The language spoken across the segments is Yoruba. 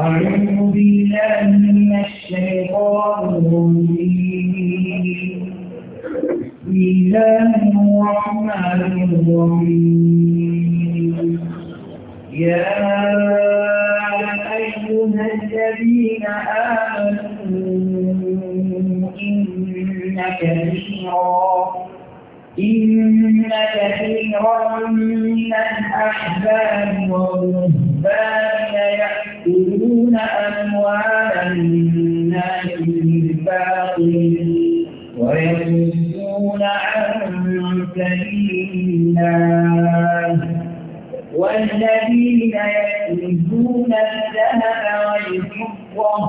أعوذ بالله من الشيطان الرجيم بسم الله الرحمن الرحيم يا أيها الذين آمنوا الأحباب والرهبان يأكلون أموال الناس بالباطل ويصدون عن سبيل الله والذين يكنزون الذهب والفضة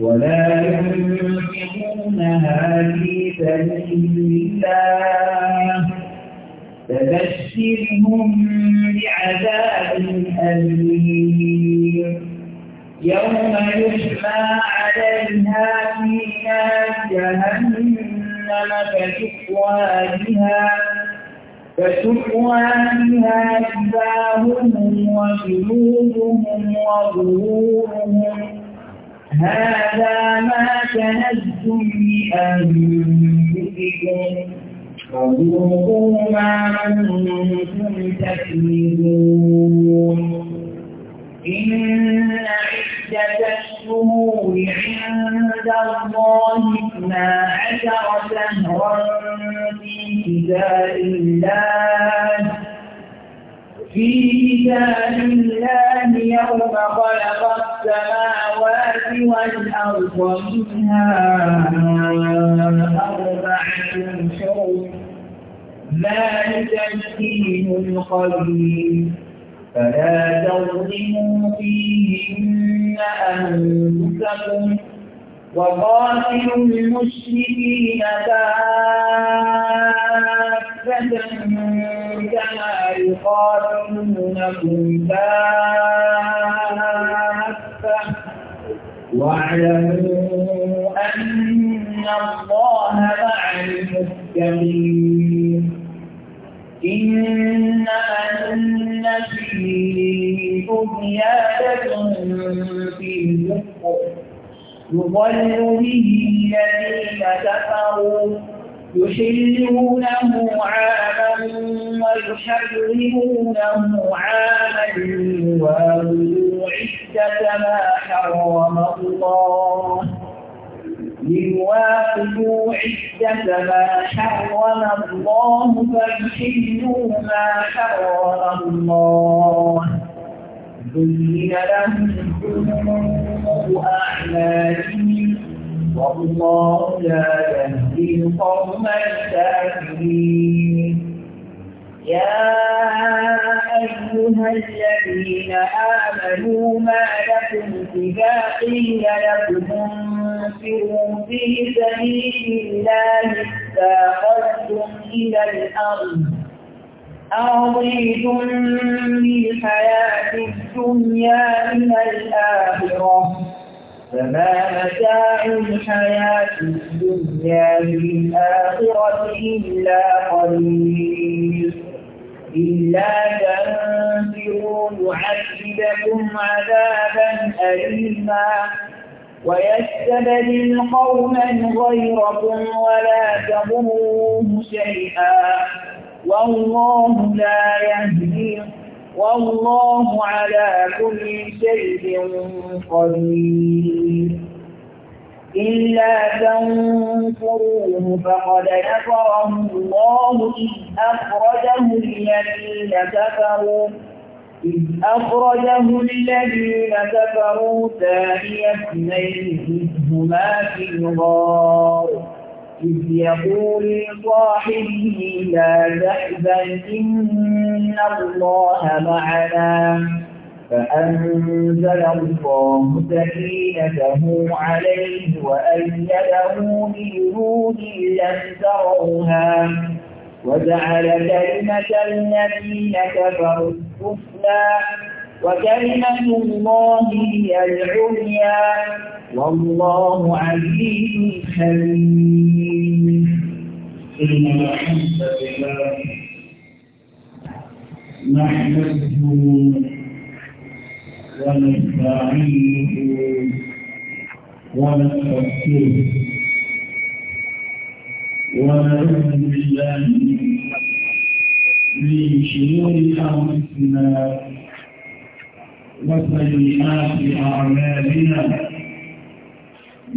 ولا ينفقونها في سبيل الله فبشرهم بعذاب أليم يوم يحمى عليها في نار جهنم فتقوى بها فتقوى بها جباههم وجنوبهم وظهورهم هذا ما كنزتم لأنفسكم فذوقوا ما كنتم تكذبون إن عدة الشهور عند الله اثنا عشر شهرا في كتاب الله في كتاب الله يوم خلق السماوات والأرض منها أربعة حرم ذلك الدين القديم فلا تظلموا فيهن أنفسكم وقاتلوا المشركين كافة كما يقاتلونكم كافة واعلموا أن الله مع المتقين إنما النسيء زيادة في الكفر يضل به الذين كفروا يحلونه عاما ويحرمونه عاما ليواظبوا عدة ما حرم الله ليواخذوا عدة ما حرم الله فاحلوا ما حرم الله زين لهم سوء أعمالهم والله لا يهدي القوم الكافرين يا أيها الذين آمنوا ما لكم إذا قيل لكم انفروا في سبيل الله استاخذتم إلى الأرض أرضيتم بالحياة الدنيا من الآخرة فما متاع الحياة الدنيا للآخرة إلا قليل إلا تنفروا يعذبكم عذابا أليما ويستبدل قوما غيركم ولا تضروه شيئا والله لا يهدي والله على كل شيء قدير إلا تنصروه فقد نصره الله إذ أخرجه الذين كفروا إذ أخرجه الذين كفروا ثاني اثنين إذ هما في الغار إذ يقول لصاحبه لا تحزن إن الله معنا فأنزل الله سكينته عليه وأيده بجنود لم تروها وجعل كلمة الذين كفروا السفلى وكلمة الله هي العليا والله عزيز حليم إن الحمد لله نحمده ونستعينه ونستغفره ونعوذ بالله من شرور انفسنا وسيئات اعمالنا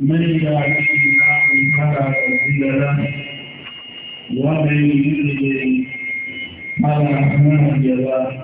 من يهده الله فلا مضل له ومن يضلل فلا هادي له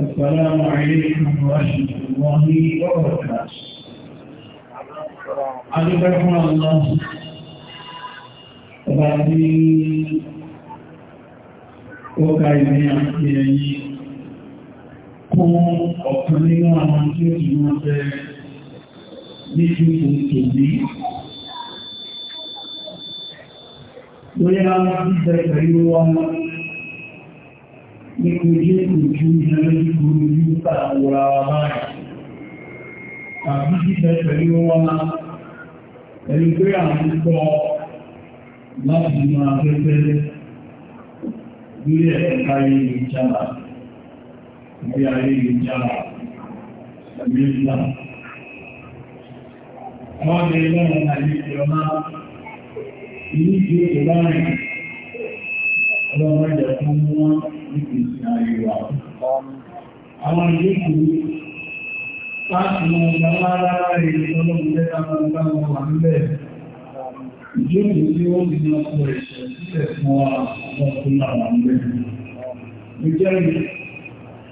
السلام عليكم ورحمة الله وبركاته أدبكم الله Tàbí ó ká ìní àti ẹ̀yìn kún ọ̀kan nínú àwọn tí ó ti wọ́n bẹ ní ṣúkú tò ní. Lóyá ń bẹ pẹ̀lú wọn ní ojú ìjú ìrẹ́lẹ́ orí nípa àwòrà àbáyà àbí jíṣẹ́ pẹ̀lú wọn ẹni pé àwọn kọ́ láti máa fẹ́fẹ́ lórí ẹ̀ka ìjára ìgbé ayé ìjára ẹ̀mí ìlà ọlọ́run ẹ̀dẹ̀ fún wọn ní ìsìn àríwá. Àwọn ilé ìlú láti mọ ọmọ alára ilé ọlọ́run lẹ́ta ọlọ́run wọn wà níbẹ̀. Ìjọ́bù tí ó ti ní ọkọ̀ ẹ̀ṣẹ̀ sílẹ̀ fún wa àwọn ọkùnrin àwọn ọmọdé. Mo jẹ́ mi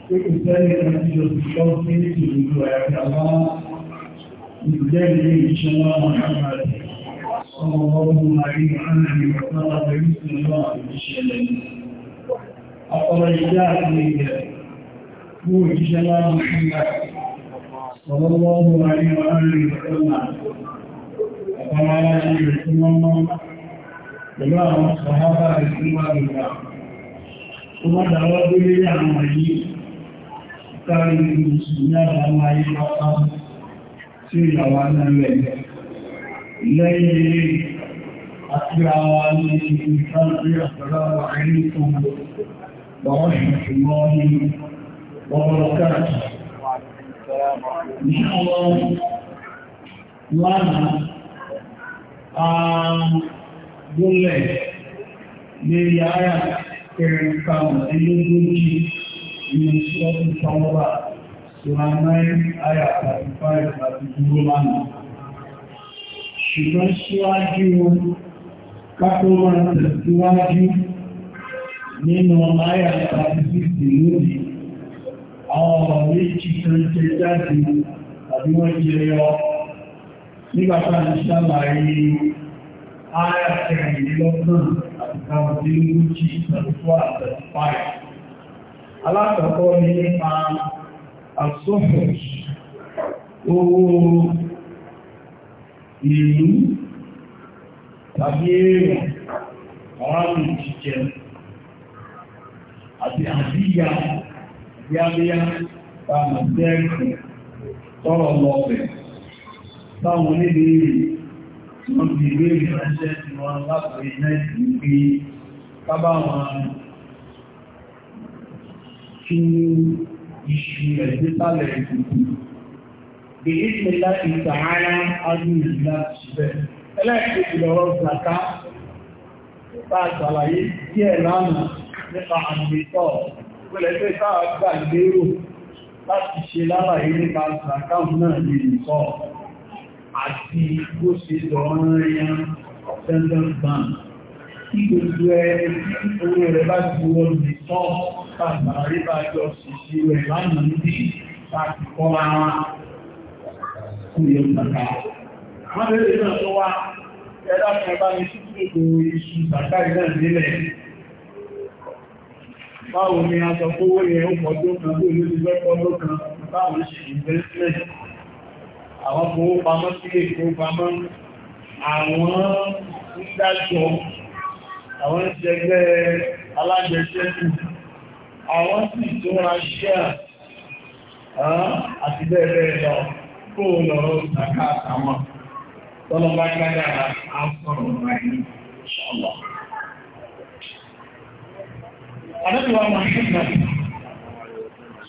pé kò sẹ́yìn kan tí o ti sọ sí ìlú ẹ̀ka wọn. Ìjẹ́ ilé ìṣẹ́ wọn àwọn ọmọdé. صلى الله عليه وسلم يسمى الله بشيء أخرجات من نور جلال محمد صلى الله عليه وسلم أخرجات من جماعة الصحابة الكبار الله ثم دعوة إلى عمري كان من المسلمين على ما يبقى سيرة وأنا لله ليل أسرعاني الفجر السلام عليكم ورحمة الله وبركاته إن شاء الله lánàá àgbólẹ̀ lórí ara kẹrin kàwọn ẹlẹ́gbẹ́jì ní ṣọ́pù sọ́wọ́bà sọ́nà 9 àyà 35 àti dúró lánàá ṣùgbọ́n síwájú kápẹ́ wọn tẹ̀síwájú nínú àyà àtàkìsì lónìí àwọn ọ̀rọ̀ méjì tó ń jẹ jáde àbí wọ́n jẹ yọ nígbàtà ń ṣàlàyé àyà kẹrìnlélọ́gbọ̀n àti kàwọ̀dínlógójì ìtàlùfọ́ àtàlùfáì alákọ̀ọ́kọ́ ní nípa àsọ́fẹ̀ owó ìlú tàbí èèyàn aráàlú jíjẹ àti àdíyà yáyá tàbí sẹ́ẹ̀kì tọ́rọ lọ́pẹ̀ táwọn onílé wọ́n ti wọ́n بإذن الله تعالى أدن الله سبحانه ẹlẹ́ẹ̀kejì lọ́rọ̀ zaka bá ṣàlàyé díẹ̀ lánàá nípa àmìtọ́ pẹ̀lẹ́gbẹ́ sáà gbà lérò láti ṣe lálàyé nípa zaka náà ní ìkọ́ àti bó ṣe lọ́rìnrìn ọ̀fẹ́ndọ̀n gbàn kí gbogbo ẹni tí owó rẹ̀ bá ti wọ́n lè tọ́ bàbá rí bá jọ ṣìṣẹ́ rẹ̀ lánàá níbi láti kọ́ ara kúrò ìgbàká. Wọ́n lè náà tó wá ẹ̀dá kan ní títí gbogbo iṣu ìgbàká Àwọn fowó pamọ́ sí Àwọn sì tó ra ṣíà àti bẹ́ẹ̀ bẹ́ẹ̀ lọ kó o lọ ṣàkà àtàwọn tọ́lọ́bá gbádára á sọ̀rọ̀ ráyé ṣọ́lọ̀. Àdọ́bíwá Mohamed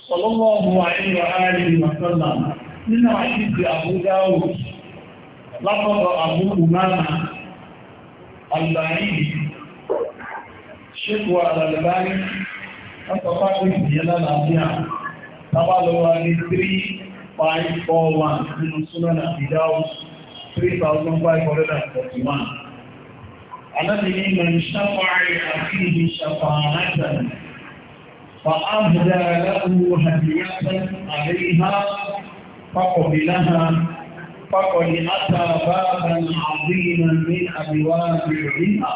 sọlọ́wọ́ ọmọ àìyọ ààrin Masọ́lá nínú àṣíjì Àbújá òwò lápọ̀lọ̀ àbúrú máa àlùbáyé ṣékù àlàlùbáyé látọ̀pá pé ìdíyẹ́lá làbíà tábàlọ́wà ní 3 541 nínú súnmọ́nà ìdáwó 3541. Alábi ní mẹ́rin ṣàfàárí àti ìdí ṣàfàáhátàn, fa'ábùdá aláwò hàbíyátàn àríhá fàkọ̀bìláha fàkọ̀lì átàbábàn àbíyàn ní àbíwá àbíyà.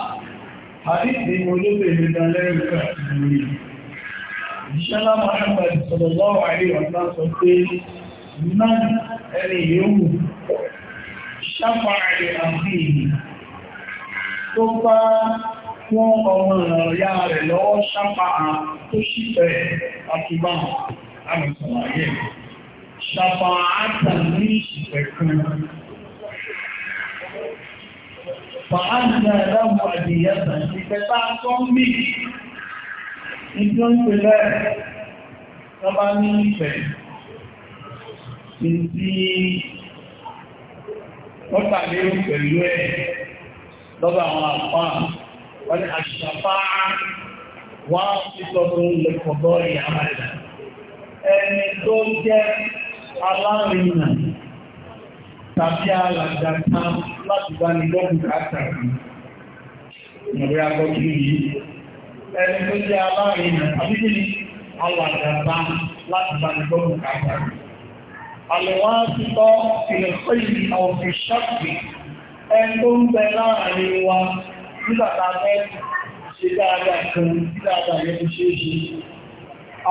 Àdíkì mo ló bèèrè dalẹ́rù kàtàrí. Ìṣẹ́lá Muhammad sallallahu alaihi wa sallam sọ pé من ẹni yóò ṣápa rẹ̀ àti ìlú tó bá wọ́n ọmọ ìrìnàyà rẹ̀ lọ́wọ́ ṣápa tó ṣífẹ́ àti bá àmìsànláyé ṣápa átàlí ìṣẹ̀fẹ́ kan fàánà ẹ̀dáwọ̀ àdìyàtà ìfẹ́ta sọ́mbì ìjọ́ ní tí wọ́n tàbílú pẹ̀lú ẹ̀ lọ́bà àwọn àpá wọ́n ni àṣàfá wá títọ́ tó ń lè kọ̀dọ́ ìyàmàdà ẹni tó jẹ́ alárinà tàbí alàgbàta láti bá ní lọ́pùkátà ìrẹ́ agbọ́jú yìí ẹni tó jẹ́ alárinà tàbí alàgbàta láti bá ní lọ́pùkátà àlẹ́wàásítọ́ ìlẹ̀kọ́ ìlú àwọn ìṣàkì ẹn tó ń bẹ láàrin wa nígbàtà mẹ́rin ṣe dáadáa kan dáadáa yẹn ṣe ṣe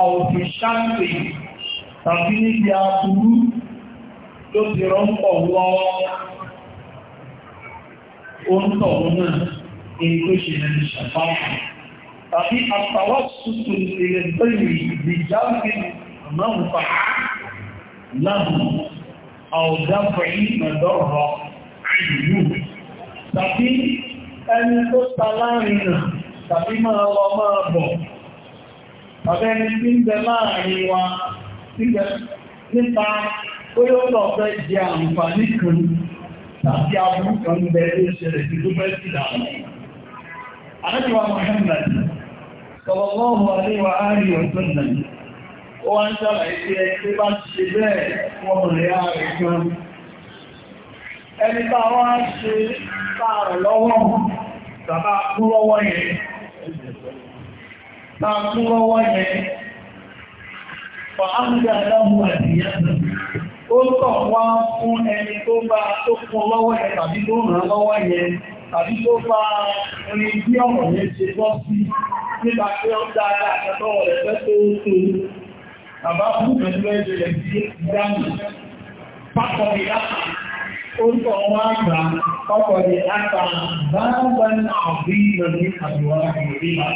àwọn ìṣàkì tàbí níbi àbúrú ló ti rọ́pọ̀ lọ oúntọ̀ náà èyí tó ṣe lẹ́nu ṣàfáà tàbí àtàwọ̀ tuntun ìlẹ̀kọ́ lábù ọ̀dáfẹ́yí mẹ́dọ́rọ̀ àìyú tàbí ẹni tó ta láàrin nà tàbí máa lọ máa bọ̀ tàbí ẹni tí ń bẹ láàrin wa nípa ó yóò lọ fẹ́ jẹ àǹfààní kan tàbí abúrú kan bẹ ló ṣẹlẹ̀ tí tó fẹ́ sí dàmú Àdájúwà Muhammad, sallallahu alaihi wa ó wá ń ṣàlàyé pé ẹgbẹ́ bá ti ṣe bẹ́ẹ̀ wọ́n mọ̀ lè ààrẹ gan ẹni bá wá ṣe táàrọ̀ lọ́wọ́ tàbá kú lọ́wọ́ yẹn tàbá kú lọ́wọ́ yẹn fà á ń gbà láwù àdìyà ó tọ̀ wá fún ẹni tó bá tó fún lọ́wọ́ yẹn tàbí tó ràn lọ́wọ́ yẹn tàbí tó bá rí bí ọ̀rọ̀ yẹn ṣe bọ́ sí nípa pé ó dáadáa àtọ́wọ̀ rẹ̀ fẹ́ tó tó bàbá fún ẹgbẹ́ ìbẹ̀rẹ̀ sí ìdáàmì pápọ̀lì àpá orúkọ wọn àgbà pápọ̀lì àpá báńgbà náà bí ìrọ̀lẹ́ àdúrà ìrìnà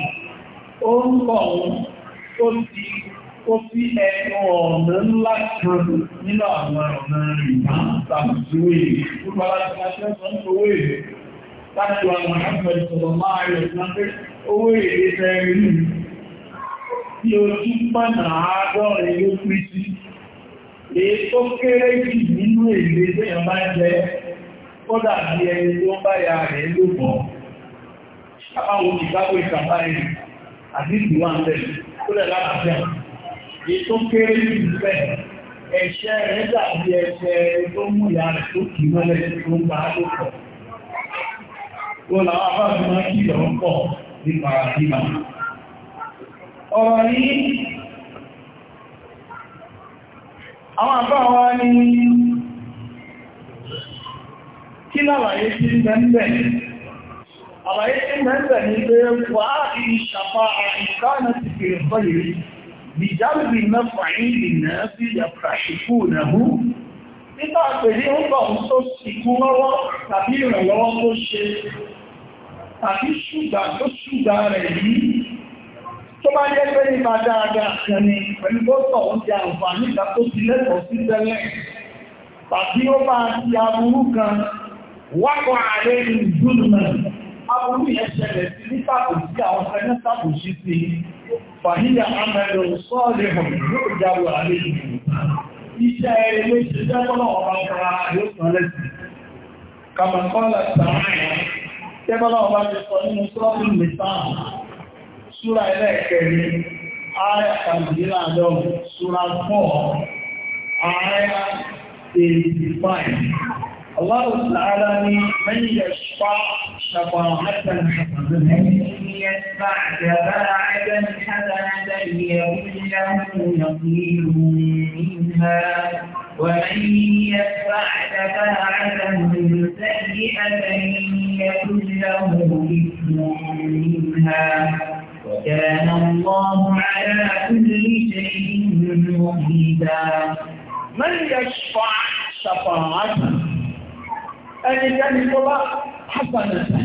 orúkọ ó ti ó fi ẹnu ọ̀nà ńlá kan nínú àwọn ọ̀nà ìgbà tàbíwé Láti wà mọ̀ ní ọ̀pẹ̀lẹ̀ sọ̀rọ̀ máa rẹ̀ sí owó èdè fẹ́ rí sí ojú pọ̀nà àádọ́rin ló pín sí èyí tó kéré jì nínú èlé tẹ́yàn bá jẹ́ bí ẹni tó ń bá ya rẹ̀ àti ìwà ń bẹ̀ tó lẹ̀ kéré jù bẹ̀ ẹ̀ṣẹ̀ rẹ̀ dàbí ẹ̀ṣẹ̀ tó mú ìyá rẹ̀ tó kì mọ́lẹ̀ tó ń bá máa kí pọ̀ nípa ọ̀rọ̀ yìí àwọn àbá wa ni kí láwàyé tí mẹ́mẹ́ àwàyé tí mẹ́mẹ́ ni pé wà ìṣàfà àìkáànà ti fèrè fọ́yìí bìjáàbì mẹ́fà ìrìnà sí yàtà ìkú ìrẹ̀hú nípa pẹ̀lú ọgbà tó sìnkú lọ́wọ́ tàbí ìrànlọ́wọ́ tó ṣe tàbí ṣùgbà tó ṣùgbà rẹ̀ yìí tó bá jẹ́ pé nípa dáadáa kan ni pẹ̀lú tó sọ ó ti àǹfààní ìgbà tó ti lẹ́tọ̀ọ́ sí tẹ́lẹ̀ tàbí ó bá ti aburú kan wákọ̀ ààrẹ ìdúnnà aburú yẹn ṣẹlẹ̀ sí ní tàbùsí àwọn ẹni tàbùsí sí fàhíyà amẹ́lẹ̀ sọ́ọ̀lẹ̀ hàn yóò jáwọ́ tẹ́bọ́lá ọba ti sọ nínú sọ́ọ̀lù mẹ́ta súra آية خمسين عدوم سورة فور آية 85 الله تعالى من يشفع شفاعة حسنة من يشفع شفاعة حسنة له منها ومن يشفع شفاعة سيئة له منها وكان الله على كل شيء مقيتا من يشفع شفاعة ẹni kẹ́ni tó bá hàpàdàtà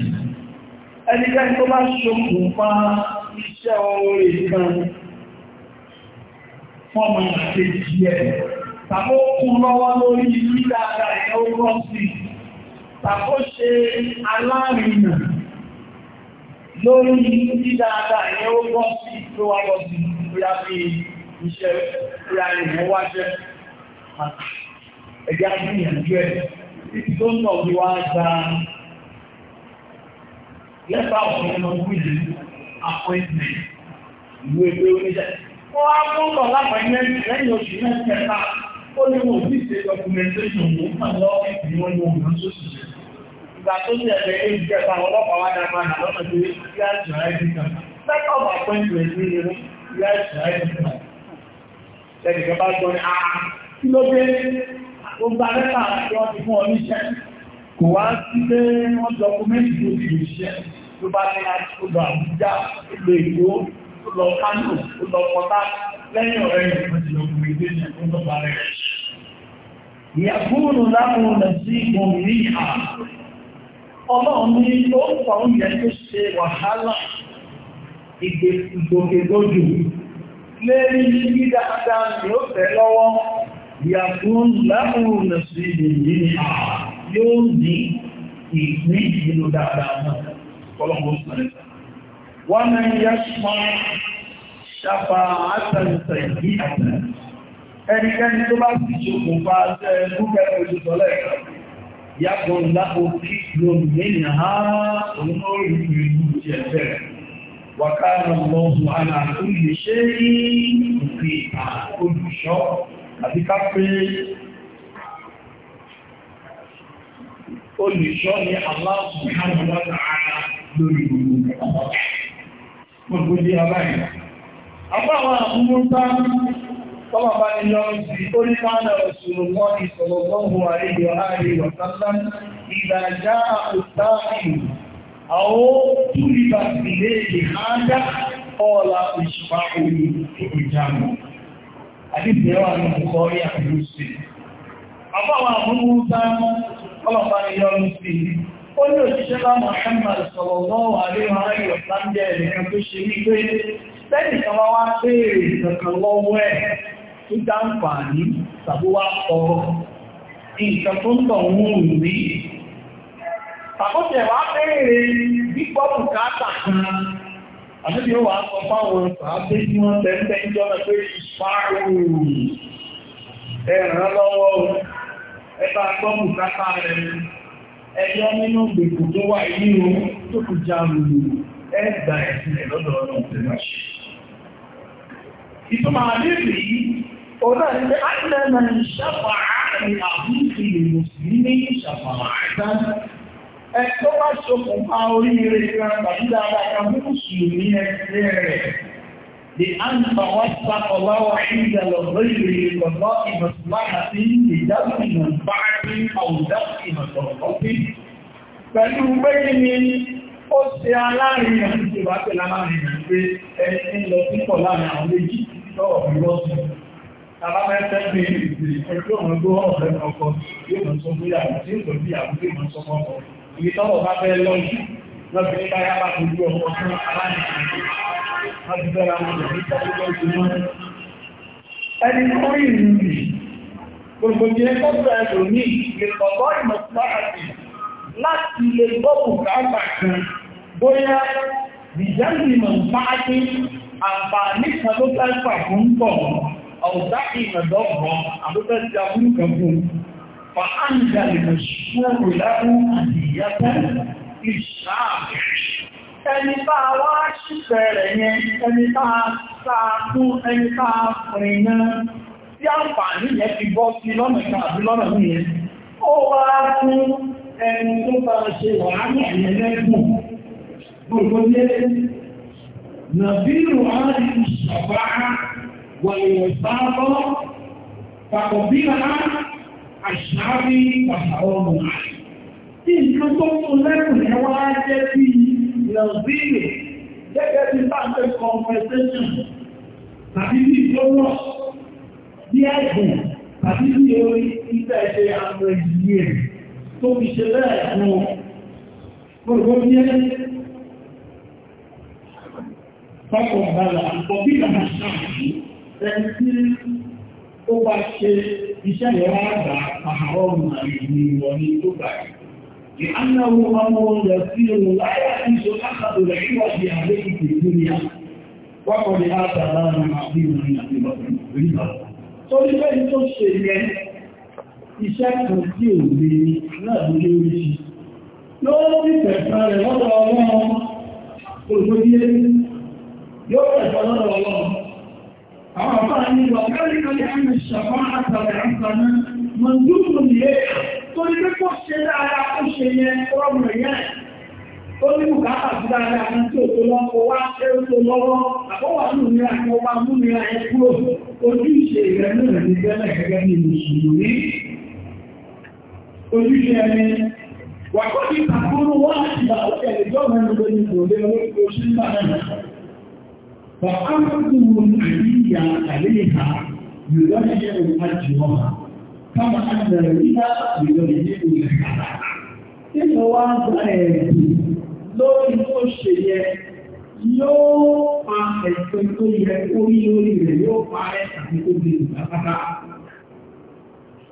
ẹni kẹ́ni tó bá ṣokùnfà iṣẹ́ orí kan fọ́mà àkejì ẹ̀ tàbó kún lọ́wọ́ lórí ìlú dáadáa ìyàwó rọ́sì tàbó ṣe alárinà lórí ní dáadáa ìyẹn ó gbọ́ sí tó wá lọ sí ìpúra bí iṣẹ́ ìpúra ìwọ̀n wá jẹ́ ẹgbẹ́ àgbìyànjú ẹ̀ títí tó ń tọ̀ bí wá gba lẹ́fà ọ̀sán ọmọ wíìlì appointment ìwé pé ó níjà wọ́n á mú lọ lápẹ̀ẹ́ lẹ́yìn oṣù mẹ́ta ó ní wọn ò sí ṣe documentation wọn kàn lọ́ọ́ ìpínlẹ̀ wọn ni wọn ò lọ sóṣìṣẹ́ ìgbà tó ní ẹ̀rẹ́ ìjẹta ọlọ́pàá wádà padà lọ́nà tó rí sí àṣà ẹ̀dìkan. Sẹ́kọ̀ bá pẹ́ntì rẹ̀ sí irú sí àṣà ẹ̀dìkan. Ṣẹ̀dìkan bá gbọ́ ní àá ah, kí ló dé gbogbo alẹ́ta àti wọ́n ti fún ọ níṣẹ́. Kò wá sí pé wọ́n dọkumẹ́ntì tó ti ṣiṣẹ́ tó bá ní láti lọ Àbújá, lọ Èkó, lọ Kánò, lọ Pọ̀tá lẹ́yìn ọ̀rẹ́ yìí wọ́n ti dọkumẹ́ntì ọlọ́run ní ó fà ń yẹ tó ṣe wàhálà ìgbòkègbodò lérí ní dáadáa ni ó fẹ́ lọ́wọ́ yàtún láàrùn nà sí ìdí ni yóò ní ìpín ìlú dáadáa náà ọlọ́run sọ̀rọ̀ wọ́n mẹ́ yẹ́ sọ ṣàfà àtàntẹ̀ yìí àtẹ̀ yàtọ̀ lápò kí lónìí ní àá olóòrùn ìlú ti ẹ̀fẹ́ wàkánà lọ́wọ́ aláàkúlè ṣe rí òfin olùṣọ́ àti kápẹ́ olùṣọ́ ni aláàkùn hánàlọ́ta ara lórí gbogbo gbogbo Tọ́lọ̀ bá ní lọ sí oríkánà òṣùrù wọ́n ni sọ̀rọ̀gbọ́nwò àríyọ ààrẹ wọ̀sánlá ìdàjá òtáàkì àwọ́ túlìbà sílé ìhádá ọ̀la ìṣùpá orí ìjàmù. Àdíbẹ̀wà ní ọkọ̀ orí àdúrúsì. Àbáwà múrúta ọlọ́pàá ni yọrù sí. Ó ní òṣìṣẹ́ bá Mọ̀hánmàdì sọ̀rọ̀gbọ́nwò àríyọ ààrẹ wọ̀sánlá tó dáǹfààní tàbí wá ọ̀rọ̀ nǹkan tó ń tọ̀ ń rùn rí àkóṣẹ̀ wá bẹ́ẹ̀rẹ̀ gbígbọ́ bùkátà kan àbíbí ó wà á sọ fáwọn sàábé tí wọ́n tẹ́ńtẹ́ ń jọ́nà pé ìfáàrù ẹ̀ràn lọ́wọ́ ẹ̀bá gbọ́ bùkátà rẹ̀ ẹjọ́ nínú gbèkù tó wà nínú tó kù já lùlù ẹgbà ẹ̀sìn lọ́dọ̀ ọ̀nà ìtẹ̀lẹ́ṣẹ̀. ìtumọ̀ àdébì yìí Ọ̀nà ìgbé àìlẹ́mẹ̀ ìṣàfà àárín àbúkì ìrùsùlùmí ìṣàfà àìdán. Ẹ tó bá ṣokùnfà oríire ìran tàbí dáadáa kan mùsùlùmí ẹgbẹ́ rẹ̀. Di àǹfà wá sápọ̀ láwọ̀ ìjàlọ̀ lórí ìrọ̀lọ́ ìmọ̀sùlára sí ìdáhùn Pẹ̀lú pé ni ó ṣe aláàrin àti ìwà pẹ̀lú aláàrin àti ẹni lọ sípọ̀ láàrin àwọn méjì lọ́wọ́ ìrọ́sùn. Alámẹ́tẹ́gbé ìdí ẹgbẹ́ ọmọ ẹgbẹ́ ọ̀rẹ́ ọkọ̀ yóò mọ̀ sọ fún yàrá tí ó lọ bí àwọn yóò mọ̀ sọ fún ọkọ̀. Ibi tọ́wọ̀ bá fẹ́ lọ́yìn lọ́bí káyá bá ti gbé ọkọ̀ fún aláìsàn. Wọ́n ti bẹ́ra wọn lọ ní tọ́wọ́ lọ́jọ́ mọ́. Ẹni tó rí ìlú rì, gbogbo ti ẹ tọ́jú ẹlò ní lè kọ̀kọ́ ìmọ̀ pàtàkì láti lè gbọ́bù káàkà kan bóyá ìjẹ́ ìmọ̀ pàtàkì àǹfààní kan ló fẹ́ pà fún pọ̀ ọ̀dá ìmọ̀dọ́gbọ̀n àbúkẹ́ ti abúrú kan fún fa áńgà lè mọ̀ ṣòro lábú àti ìyàtọ̀ ní ṣáàbì ẹni bá wá ṣíṣẹ́ rẹ̀ yẹn ẹni bá sáàkún ẹni bá fìrìn náà tí àǹfààní yẹn ti bọ́ sí lọ́nà kan àbí lọ́nà nìyẹn ó wá fún tó bá ṣe wàhálà yẹn lẹ́gbùn gbogbo yẹn nàbírù á rí ìṣàbára والإصابة فقبلها الشعبي وحرام عليه nǹkan tó mú lẹ́kùn yẹn wá jẹ́ bí nàìjíríà gẹ́gẹ́ bí pàṣẹ compensation tàbí bí gbọ́nà bí ẹ̀gbọ̀n tàbí bí orí ìgbẹ́ ẹ̀ṣẹ́ àwọn ìyẹ́ tó fi ṣe lẹ́ẹ̀kùn gbogbo ní ẹ́ tọ́kọ̀ bàlá àpọ̀bí àmàṣà yìí ẹni tí ó bá ṣe iṣẹ́ ìwọ́n àgbà àhàrọ̀ màlìmí wọn ní tó báyìí. لأنه أمر يسير لا يعيش أحد العوض عليه في الدنيا وقد آتى لنا عظيما من الربا torí bẹ́ẹ̀ tó ṣe yẹ iṣẹ́ kan tí ò lè láàrin lórí ṣe lọ́wọ́ ní pẹ̀sán rẹ̀ lọ́dọ̀ ọlọ́run olùgbé yóò pẹ̀sán lọ́dọ̀ ọlọ́run أعطاني وذلك لأن الشفاعة ní bá ìgbà فأرضهم عليا عليها يضيع أجرها كما أن الربا يضيع الحرام nínú wá gba ẹ̀bù lórí tó ṣe yẹ yóò pa ẹ̀sẹ̀ tó yẹ orí lórí rẹ̀ yóò pa ẹ̀ àti tó di ìgbà pátá.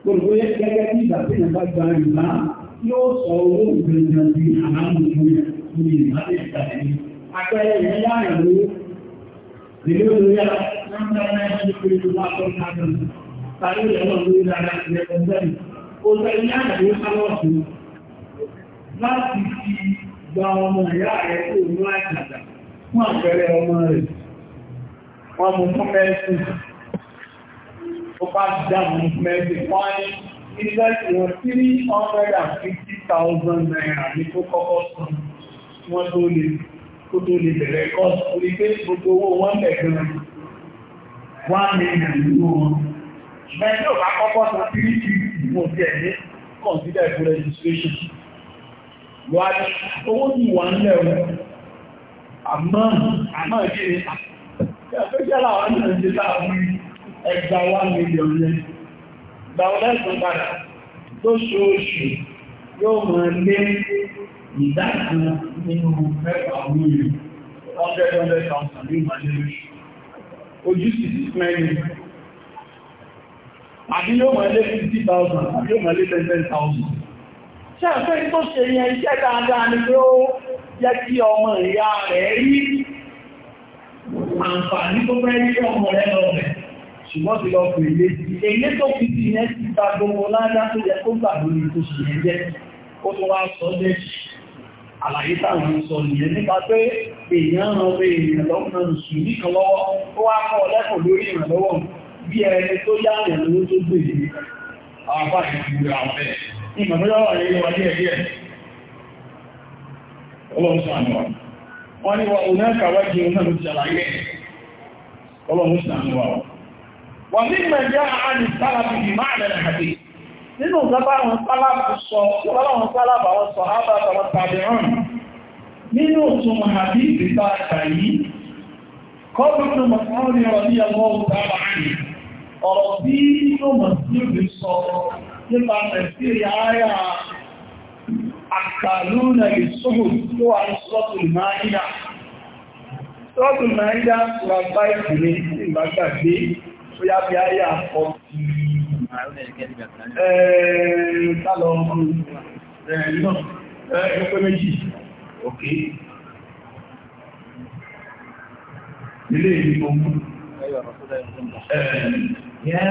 Gbogbo yẹ gẹ́gẹ́ bí ìgbà tí ìyàgbá gba ìgbà yóò sọ owó ìgbẹ̀jọ di àlámù fún ìgbà tí ìgbà tí àgbẹ̀yẹ ìyá ìlú Hallelujah. Number 9, you walk on heaven. Hallelujah. Hallelujah. Hallelujah. Òṣèlú àdàbí Sálọ́ọ̀sì láti fi gba ọmọ ìyá rẹ̀ tó ní àjàdà fún àpẹẹrẹ ọmọ rẹ̀. Wọ́n mú fún mẹ́sì. Ó bá ìwọ̀n 350,000 naira ní kó kọ́kọ́ sọ wọ́n tó lè kó tó lè bẹ̀rẹ̀ kọ́sù orí pé gbogbo owó wọ́n bẹ̀rẹ̀ wọ́n mílíọ̀n nínú wọn ṣùgbọ́n ẹni ò kọ́kọ́ san three fifty mo ti ẹ̀ consider for registration lọ àti owó ti wà ń lẹ̀ wọn àmọ́ àmọ́ ìdí ni ẹgbẹ́jẹ́ làwọn ṣe láàrin one million yẹn gbàwọ́lẹ́sùn padà lóṣooṣù yóò mọ̀ lé ìdájú nínú mẹ́fà mílì 100,000 ní ìmọ̀lẹ́rí ojú sí mẹ́rin àbí yóò mọ̀lé 50,000 àbí yóò mọ̀lé 10,000 ṣe ẹ̀fẹ́ tó ṣe yẹn iṣẹ́ dáadáa ni pé ó jẹ́ kí ọmọ ìyá rẹ̀ rí àǹfààní tó fẹ́ rí ọmọ rẹ̀ lọ́rẹ̀ ṣùgbọ́n ti lọ fún ilé sí ilé tó fi ti yẹn ti gbà gbogbo ládá tó yẹ kó gbà lórí tó ṣe yẹn jẹ́ ó tó wá sọ jẹ́ ṣe àlàyé táwọn sọ nìyẹn nípa pé èèyàn ran pé èèyàn lọ́nà ìṣù nìkan lọ́wọ́ ó wá kọ́ lẹ́kọ̀ọ́ lórí ìrànlọ́wọ́ bí ẹni tó yá àyàn lówó tó gbè e. ní àwọn bá ìfìwé àwọn ẹ̀ ní ìmọ̀lọ́wọ́ rẹ̀ yíwa díẹ̀ díẹ̀ ọlọ́run sàánú wọn ni nínú ìjọba àwọn sálàbù sọ ìwọ́láwọn sálàbù àwọn sọ ábàtàwọn tàbí hàn nínú òtún àbí ìgbà àtàyí kọ́bùnú mọ̀sánrí ọ̀rọ̀ ní ẹgbọ́ wà báyìí ní ìgbàgbàgbé tó yá bí ayé àkọ́ اه، اه، اه، أيوة، يا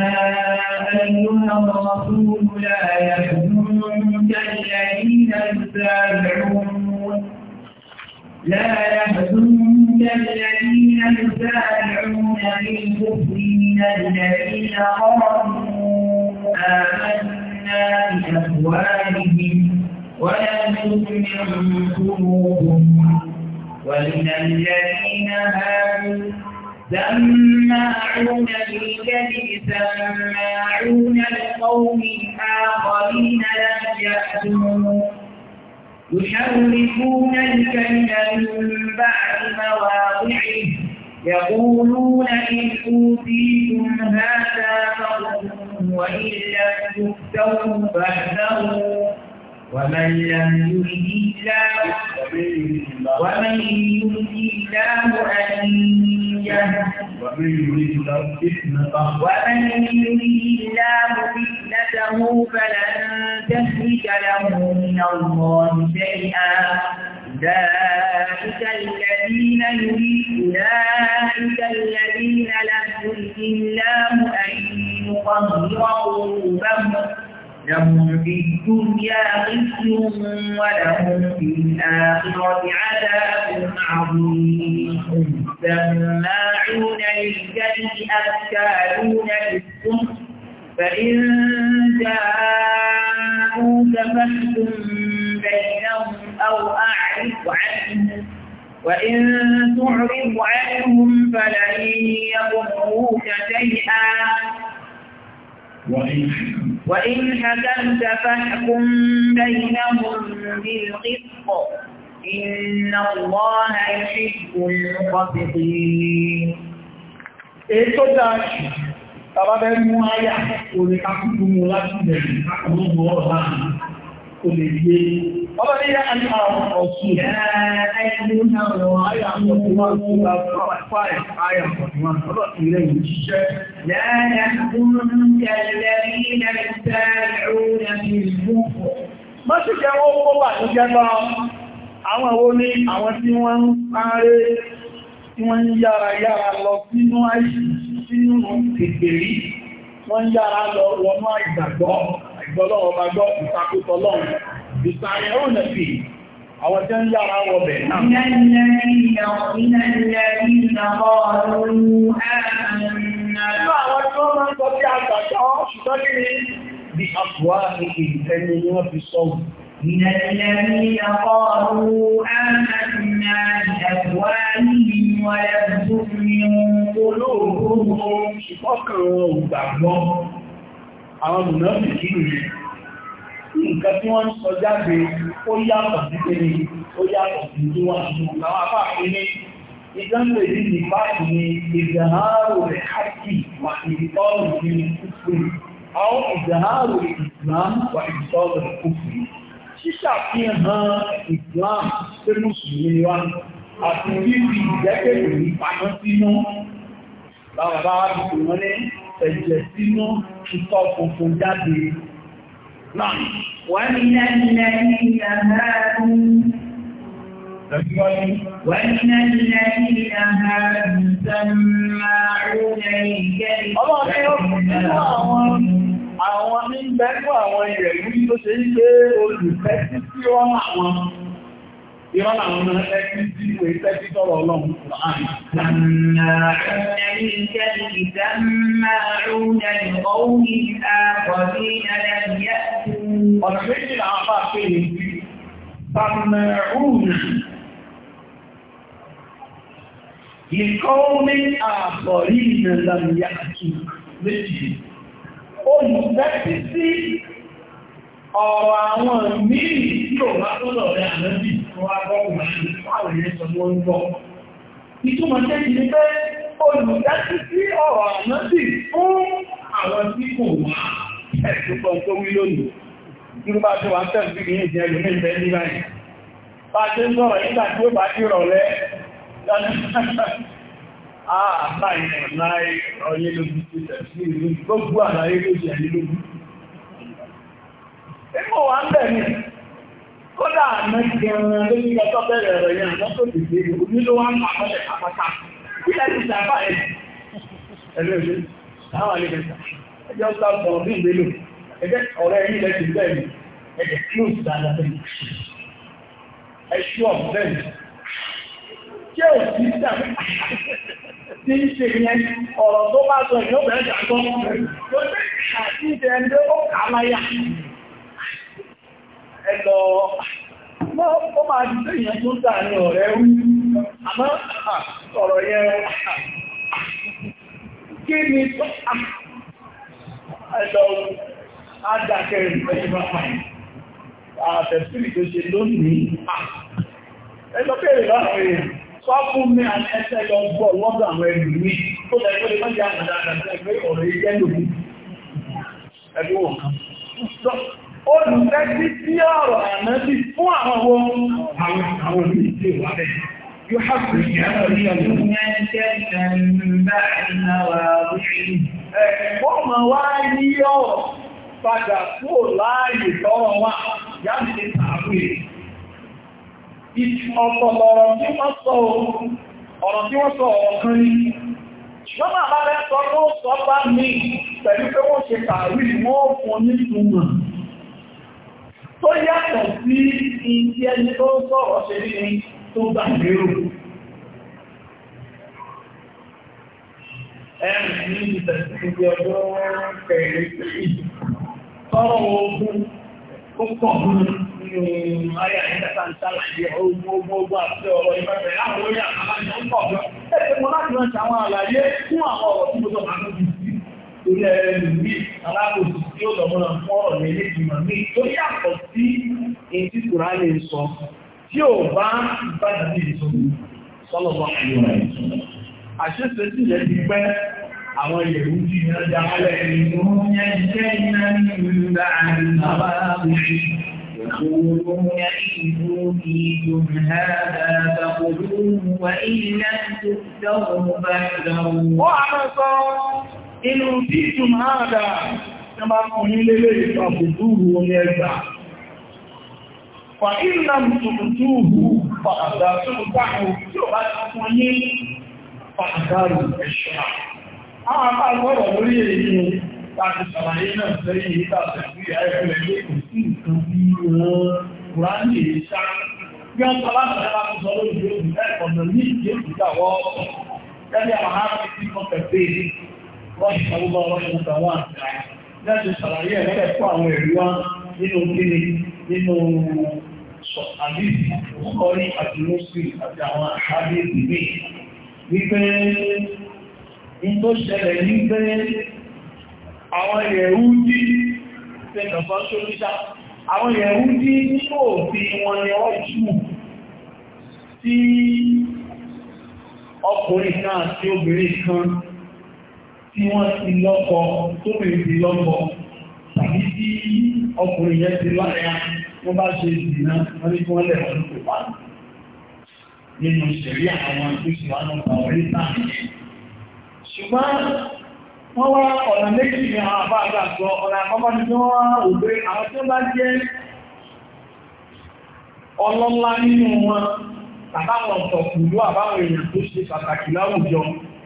أيها الرسول لا يحزنك الذين يسارعون لا يحزنك الذين يسارعون بالكفر من الذين قالوا آمنا بأفواههم ولم تؤمن قلوبهم ومن الذين هادوا سماعون للكذب سماعون لقوم آخرين لم يأتوا يحرفون الكلم من بعد مواضعه يقولون إن أوتيتم هذا فخذوه وإن لم يؤتوا فاحذروا ومن لم يرد الله ومن يرد الله أن ومن يريد الله فتنته ومن يريد الله فتنته فلن تهلك له من الله شيئا أولئك الذين يريد أولئك الذين لم يرد الله أن ليطهر لهم في الدنيا خزي ولهم في الآخرة عذاب عظيم سماعون للجلد أكالون بالسم فإن جاءوك فاحكم بينهم أو أعرف عنهم وإن تعرض عنهم فلن يضروك شيئا وإن حكمت فاحكم بينهم بالقسط إن الله يحب المقسطين إيش kò lè yé. Ọlọ́dé yá ẹni àwọn ọ̀sùn. Yá ẹni àwọn àyà àpọ̀tìmọ́ ọ̀sùn àpọ̀tìmọ́ àyà àpọ̀tìmọ́ ọlọ́dún ilẹ̀ yìí ṣiṣẹ́. Yá ẹ̀kúnrúnkẹ̀ lẹ́rí Má ṣe jẹ́ wọ́n kó wà ní jẹ́ Àwọn wo ni àwọn tí wọ́n ń sáré tí wọ́n ń yára yára lọ sínú àìsí sínú ìgbèrí, wọ́n yára lọ wọnú àìgbàgbọ́ ìgbọ́lọ́wọ́ bá gbọ́ ìtakùtọ̀ lọ́wọ́ ìsàrẹ̀ ó nà sí àwọn tẹ́ ń yára wọ bẹ̀ náà. Ìnà ìlànà ìyàkọ́ ọ̀rọ̀ àmàrìnà ìyàkọ́ àríyìn wọ́n ẹ̀bùn ní olóòrùn ṣùgbọ́kàn ògbàgbọ́n àwọn mùnàbì kí ní nǹkan tí wọ́n ń sọ jáde ó yàtọ̀ sí kéde ó yàtọ̀ sí tí wọ́n ń sọ àwọn afáàfin ní ìdánwò èdè ní báyìí ní ìdáhàrò rẹ̀ hàkì wà ìtọ́rù ní kúkúrú àwọn ìdáhàrò ìsìlám wà ìtọ́rù kúkúrú ṣíṣàfihàn ìsìlám pé mùsùlùmí wa àti ẹ̀jẹ̀ sínú ìtọ̀ funfun jáde náà. Wọ́n ní ẹ̀jẹ̀ ní ìyàrá Àwọn ní ìgbẹ́gbọ́ àwọn ìrẹ̀lú tó ṣe ń gbé olùfẹ́ sí sí ọ́nà àwọn Ìwọ́n làwọn ọmọ ẹgbẹ́ tí ìwé tẹ́tí tọ́rọ ọlọ́run Kùránì. Sàmàrún ẹ̀ríkẹ́ ìdámàrún ẹ̀rọ̀wò ìtàkọ̀bí ẹ̀rẹ́bíẹ́. Ọ̀nà méjì làwọn bá pè ní sí. Sàmàrún ìkọ́ọ́mí àbọ̀rí ìrìnlẹ̀ ọ̀rọ̀ àwọn míì tí ò bá tó lọ rẹ̀ àlẹ́bì tó wá gbọ́kùnrin fún àwọn ìrẹsọ wọ́n ń gbọ́. Ìtumọ̀ jẹ́ ti pé olùdásí sí ọ̀rọ̀ àlẹ́bì fún àwọn tí kò wá ẹ̀sùpọ̀ tó wí lónìí. Irú bá tó wá ń tẹ̀sí ní ìjẹ́ ẹlòmí ìfẹ́ Ah, báyìí náà láì ọ̀yẹ́ lójú ti tẹ̀sí ìlú gbogbo àlàyé lójú ẹ̀yẹ́ lójú. Èmò wà ń bẹ̀ ni. Kódà àmì gan-an lórí ọjọ́ bẹ̀rẹ̀ ọ̀rọ̀ yẹn àmọ́ tó ti dé omi ló wá ń pa mọ́lẹ̀ pàpàtà. Ilẹ̀ ti sàbà ẹ̀. Ẹ̀lú sọ ọdún ìgbélò. Ẹjẹ́ ọ̀rẹ́ yín lẹ ti bẹ́ẹ̀ ni. Ẹjẹ́ close dáadáa ẹlọ ó máa ìyẹn tó dáa ní ọ̀rẹ́ wí àmọ́ ọ̀rọ̀ yẹn kí ni ẹlọ adákẹrin pẹ̀lú bàbá àtẹ̀sílì tó ṣe lónìí ẹlọ́kẹ̀rẹ̀ láàrin sọ fún mi àti ẹsẹ̀ lọ bọ̀ lọ́dọ̀ àwọn ẹ̀rù mi tó lẹ́ olùtẹ́sí sí ọ̀rọ̀ ànábì fún àwọn ohun àwọn àwọn olùdíje wà bẹ̀. yóò hàpù ìyàwó rí ọdún yẹn jẹ́ ìgbà ìnáwà rí. ẹ̀kọ́ ma wá yí ọ̀rọ̀ padà kúrò láàyè tọ́rọ̀ wà yáàbí tààrí. ọ̀pọ̀lọ̀ ọ̀rọ̀ tí wọ́n sọ ọ̀rọ̀ tí wọ́n sọ ọ̀rọ̀ kan ní ṣọ́nà àbábẹ́ sọ ló sọ bá mi pẹ̀lú pé wọ́n ṣe tààrí wọ́n fún onítùmọ̀ tó yàtọ̀ sí iṣẹ́ ẹni tó ń sọ̀rọ̀ ṣe ní tó gbà lérò. Ẹ̀rìn ní ìtẹ̀síkí ọjọ́ kẹrin tọ́rọ ogun ó pọ̀ nínú ayà ìjẹta ń ṣàlàyé ogun ogun àti ọ̀rọ̀ ìfẹ́fẹ́ láwọn orí àkàlà ìjọ ń pọ̀ torí ẹni mí alákòóso tí ó lọ́mọ́nà fún ọ̀rọ̀ ní ilé ìgbìmọ̀ mí tó yàtọ̀ sí èyí tí kùrá lè sọ tí ò bá bá dàbí ìsọ̀rọ̀ sọ́lọ́bọ̀ àyíwá ìsọ̀rọ̀. àṣẹ́sẹ sì yẹ ti pẹ́ àwọn ìyẹ̀wù tí ìyẹn ọjà wọlé ìlú yẹn jẹ́ iná ní ìlú láàrin bàbá يقولون إذوا فيكم هذا فخذوه وإن لم تؤتوه فاحذروا. وعلى inú tí ìtùn máa dà ní bá kùn ní lélé ìfàbùdúrù omi ẹgbà fàílà mùtùmùtùhù fàdà tó gbáhù tí ó bá ti fún ní fàdàrù ẹ̀ṣọ́ àwọn apá gbọ́rọ̀ lórí èyí láti sàlàyé náà sẹ́yìn ìtàṣẹ̀ sí ẹ̀ẹ́fẹ́lẹ̀ lé kò sí nǹkan bí wọ́n ránì ìṣá رحمه الله رحمه واسعة láti ṣàlàyé ẹ̀kọ́ àwọn ẹ̀rí wá nínú kíni nínú àdìsí ọkọ̀rí àti mùsùlùmí àti àwọn àṣàbí ìbí wípé ní tó ṣẹlẹ̀ ní pé àwọn ẹ̀rú dí pẹ̀lọ̀fọ́ sólúṣà àwọn ẹ̀rú dí nípò fi wọn ni wọ́n jù sí ọkùnrin kan àti obìnrin kan tí wọ́n ti lọ́kọ tó bèèrè ti lọ́kọ tàbí tí ọkùnrin yẹn ti láyá wọ́n bá ṣe ìdìnà wọ́n ní kí wọ́n lẹ̀ wọ́n kò bá nínú ìṣẹ̀rí àwọn tó sì wá náà àwọn orí táàmì yẹn. ṣùgbọ́n wọ́n wá ọ̀nà méjì ní àwọn àbá àgbà sọ ọ̀nà àkọ́kọ́ ni wọ́n wá òbí àwọn tó bá jẹ́ ọlọ́lá nínú wọn àbáwọn ọ̀tọ̀ pẹ̀lú àbáwọn èèyàn tó ṣe pàtàkì láwùjọ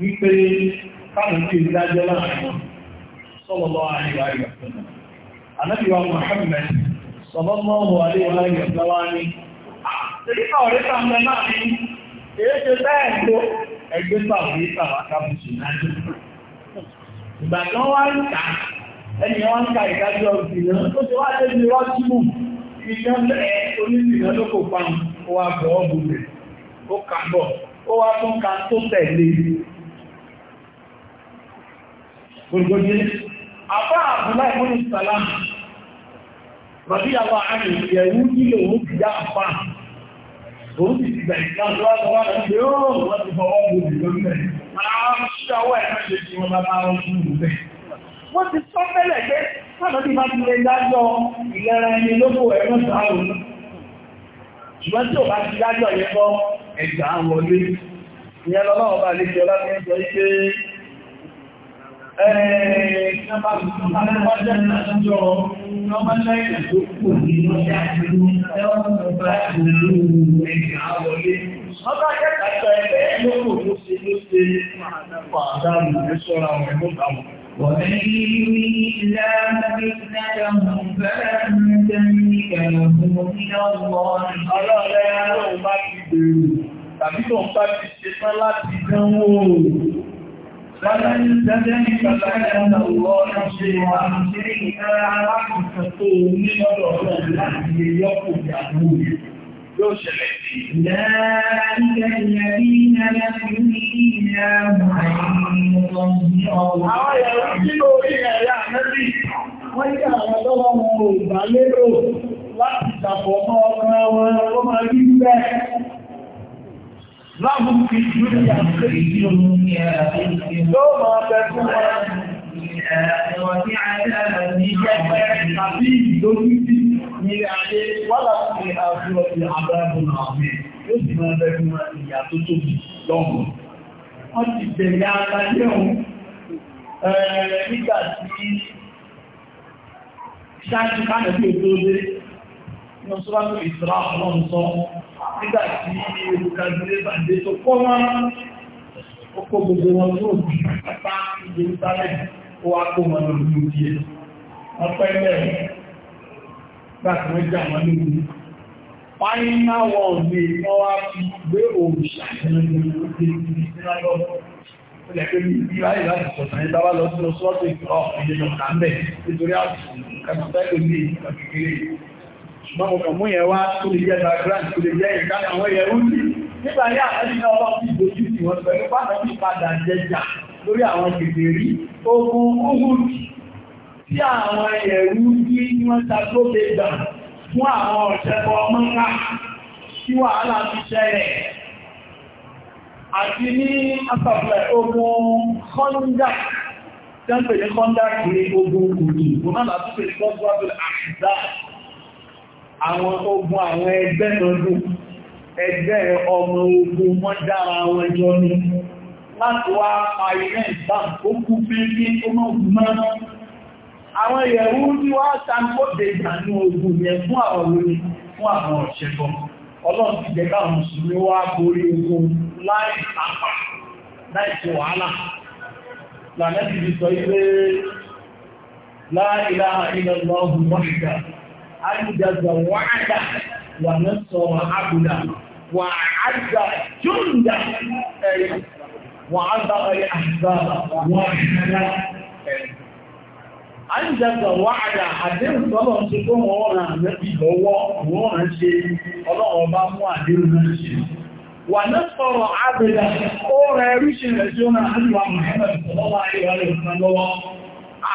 wípé káàkiri tí ìdájọ́ láàrin sọ́lọ́lọ́ àríwá ìyàtọ̀ anábíwá Muhammad sọ́lọ́lọ́ àríwá ìyàtọ̀ wá ní àtẹ́ríkà ọ̀rẹ́ sàmẹ́ náà ní èéṣe bẹ́ẹ̀ tó ẹgbẹ́ sàwọn ìtàwà kábùsù náà ìgbà kan wá ń kà ẹni wọ́n ń ka ìdájọ́ ìdìnnà tó ti wá dé ní rọ́tímù ìdánlẹ̀ onídìnnà ló kò pa ó wá bọ̀ ọ́ bùbẹ̀ ó kà ó wá tún ka tó tẹ̀lé olùgbòdì àbá àbúláì mọ́nù sàlám rọ̀bí àwọn àmì ìyẹ̀wú nílò òun ti yá àpá òun ti ti bẹ̀rẹ̀ kí wọ́n tó wá lọ sí ó wọ́n ti fọwọ́ bò ní lórí rẹ̀ àwọn ṣíṣàwọ́ ẹ̀ náà ṣe ti wọn bá bá wọn fún un bẹ́ẹ̀. wọ́n ti sọ tẹ́lẹ̀ pé sábà tí máa ti lè dájọ́ ìlera ẹni lóko ẹ̀rọ sàárò ṣùgbọ́n tí ò bá ti dájọ́ yẹn bọ́ ẹ̀gbà wọlé ìyẹn lọ́wọ́ bá lè jọ Ọba jẹ́ kàtọ̀ ẹgbẹ́ ẹlòkò ló ṣe ló ṣe pàdánù ẹ̀ṣọ́ra ọ̀rẹ́ mọ́tàmù. ومن إلا فتنتهم فلن تملك لهم من الله ألا لا يروا ما تدروا tàbí tó ń bá ti ṣe tán láti dánwò فلن تدرك لعن الله شيئا شيئا حتى من الرحمن يقول يقول ذلك الذين لم يؤمنين Wọ́n ní àwọn ọ̀dọ́wọ́ wọn ò gbà lérò láti ṣàfọ̀mọ́ ọmọ wọn, ó máa rí bẹ́ẹ̀ láàbùn fi ìlú ní àkókò yóò máa bẹ fún wọn Ìwọ̀n tàbí ìdójútì ní ayé wọ́lá sí àjúwọ̀ sí àbábùn àmì yóò sì máa bẹ fún wọn ìyà tó tóbi lọ́wọ́. Wọ́n ti bẹ̀rẹ̀ àtàlé ohun nígbà tí ṣáàkì nígbà tí ewu kàdúré bàdé tó kọ́ wọn ó kó gbogbo wọn tó bí pápá Jerusalem ó wá kó wọn lórí díẹ̀ wọ́n pẹ́ lẹ́rìn gbàtí wọ́n jà wọn lórí fáínà wọn ní wọ́n wá fi gbé òòṣà ẹ̀rọ ìgbìyànjú mọ́mọ̀kàn mú yẹn wá tó lè jẹ́ background tó lè jẹ́ ìkan àwọn yẹn rú sí nígbà ní àtẹ́sínà ọlọ́pì dojú sí wọn pẹ̀lú pàtàkì padà jẹjà lórí àwọn kèfèrí ogun ogun tí àwọn ẹ̀rú bí wọ́n ṣàgbóbe gbà fún àwọn ọ̀ṣẹ́bọ mọ́ká tí wàhálà ti ṣẹlẹ̀ àti ní àpapọ̀ ogun kọ́ndà àwọn ogun àwọn ẹgbẹ́ lọ́dún ẹgbẹ́ ọmọ ogun wọ́n dára wọn jọ ní láti wá pa ilẹ̀ ìgbà ó kú bí i ó mọ́ àwọn ìyẹ̀wú ní wá sàkóde ìgbànú ogun yẹn fún àwọn olórin fún àwọn ọ̀ṣẹ́gbọ́n ọlọ́run أن تزوعت ونصر عبدا وعز جندا وعذر الأحزاب وحدا أن تزوعت àdéhùn tọ́lọ̀ ti kó wọ́n ràn lẹ́bí lọ́wọ́ wọ́n ràn ṣe ọlọ́run bá mú àdéhùn náà ṣe wà ní sọ̀rọ̀ àbẹ̀dà ó rẹ̀ rí ṣe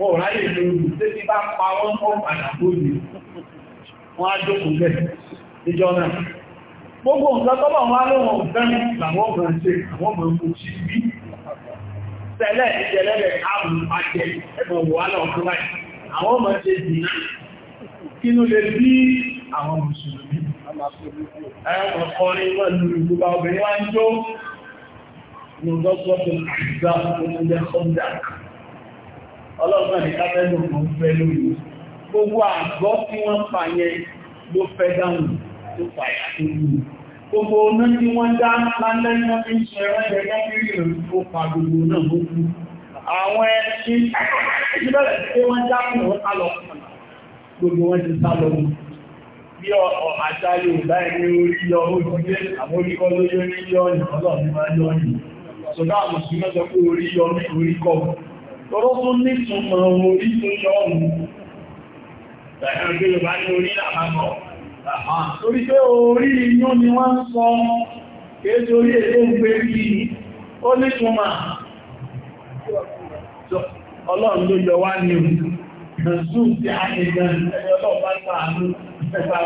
wọ́n ráyè lórí tẹ́bí bá pa wọ́n mọ́ padà lórí wọ́n á jókòó lẹ̀ níjọ náà gbogbo nǹkan tọ́bọ̀ wọn lóhun ọ̀gbẹ́rin làwọn ọmọ ṣe àwọn ọmọ ọmọ ṣe bí tẹ́lẹ̀ ìjẹlẹ́lẹ̀ ààrùn àjẹ ẹ̀mọ̀ wàhálà ọ̀kan láì àwọn ọmọ ṣe dìnnà kínú lè bí àwọn mùsùlùmí ẹ̀wọ̀n kọrin wọn lórí gbogbo obìnrin wá ń jó ní ọjọ́ sọ́tún ọlọ́gbọ́n ní kábẹ́lù kan fẹ́ lórí gbogbo àgbọ́ tí wọ́n pa yẹn ló fẹ́ dáhùn tó fàyà tó lù gbogbo ọ̀nà tí wọ́n dá lálẹ́yìn wọ́n fi ń ṣe ẹ̀rẹ́ gẹ́gẹ́ bí ìrìn tó pa gbogbo náà ló kú àwọn ẹni tí bẹ̀rẹ̀ tí wọ́n já fún wọn sálọ gbogbo wọn ti sálọ bí àṣà Yorùbá ẹni orí yọ ojúlé àwọn oríkọ lóyún ní yọ ọ̀nà ọlọ́ọ̀ni máa yọ ọ̀nà ṣùgbọ́n àwọn òṣìṣẹ́ sọ pé orí yọ orí kọ́ tọ́rọ tó ní túnmọ̀ orí tó yọ́ọ̀mù tàbí bá ní orí làbábọ̀ torí pé orí inú ni wọ́n sọ kéèsì orí èdè ń gbé rí ó ní túnmọ̀ ọlọ́run ló yọ wá ní òun nàzú tí a ní gan ẹni ọlọ́pàá pàánú ẹgbà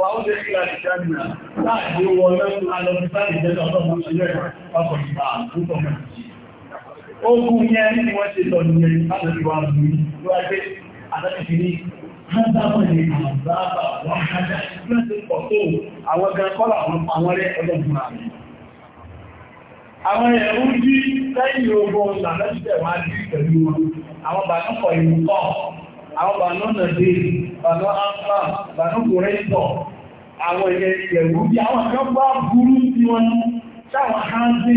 wà ó lè kíra ìjánà láàrin wọn lọ́pàá lọ́pàá ìjẹ́ ogun yẹn ní wọ́n ṣe lọ ní ẹ̀rí láti wà lórí lọ́wọ́dé àtàkì ní hánzáwọ̀lẹ̀ àzáàbà wọ́n hájá láti pọ̀ tó àwọn gan kọ́lá àwọn rẹ̀ ọlọ́gbùn àmì àwọn ẹ̀rú jí lẹ́yìn ogun làmẹ́sẹ̀ wá jí pẹ̀lú wọn àwọn bàánú pọ̀ ìlú kọ́ àwọn bàánú nàdé bàánú áńfà bàánú kòrẹ́ ìtọ̀ àwọn ẹ̀rú jí àwọn kan bá burú sí wọn sáwọn hánzí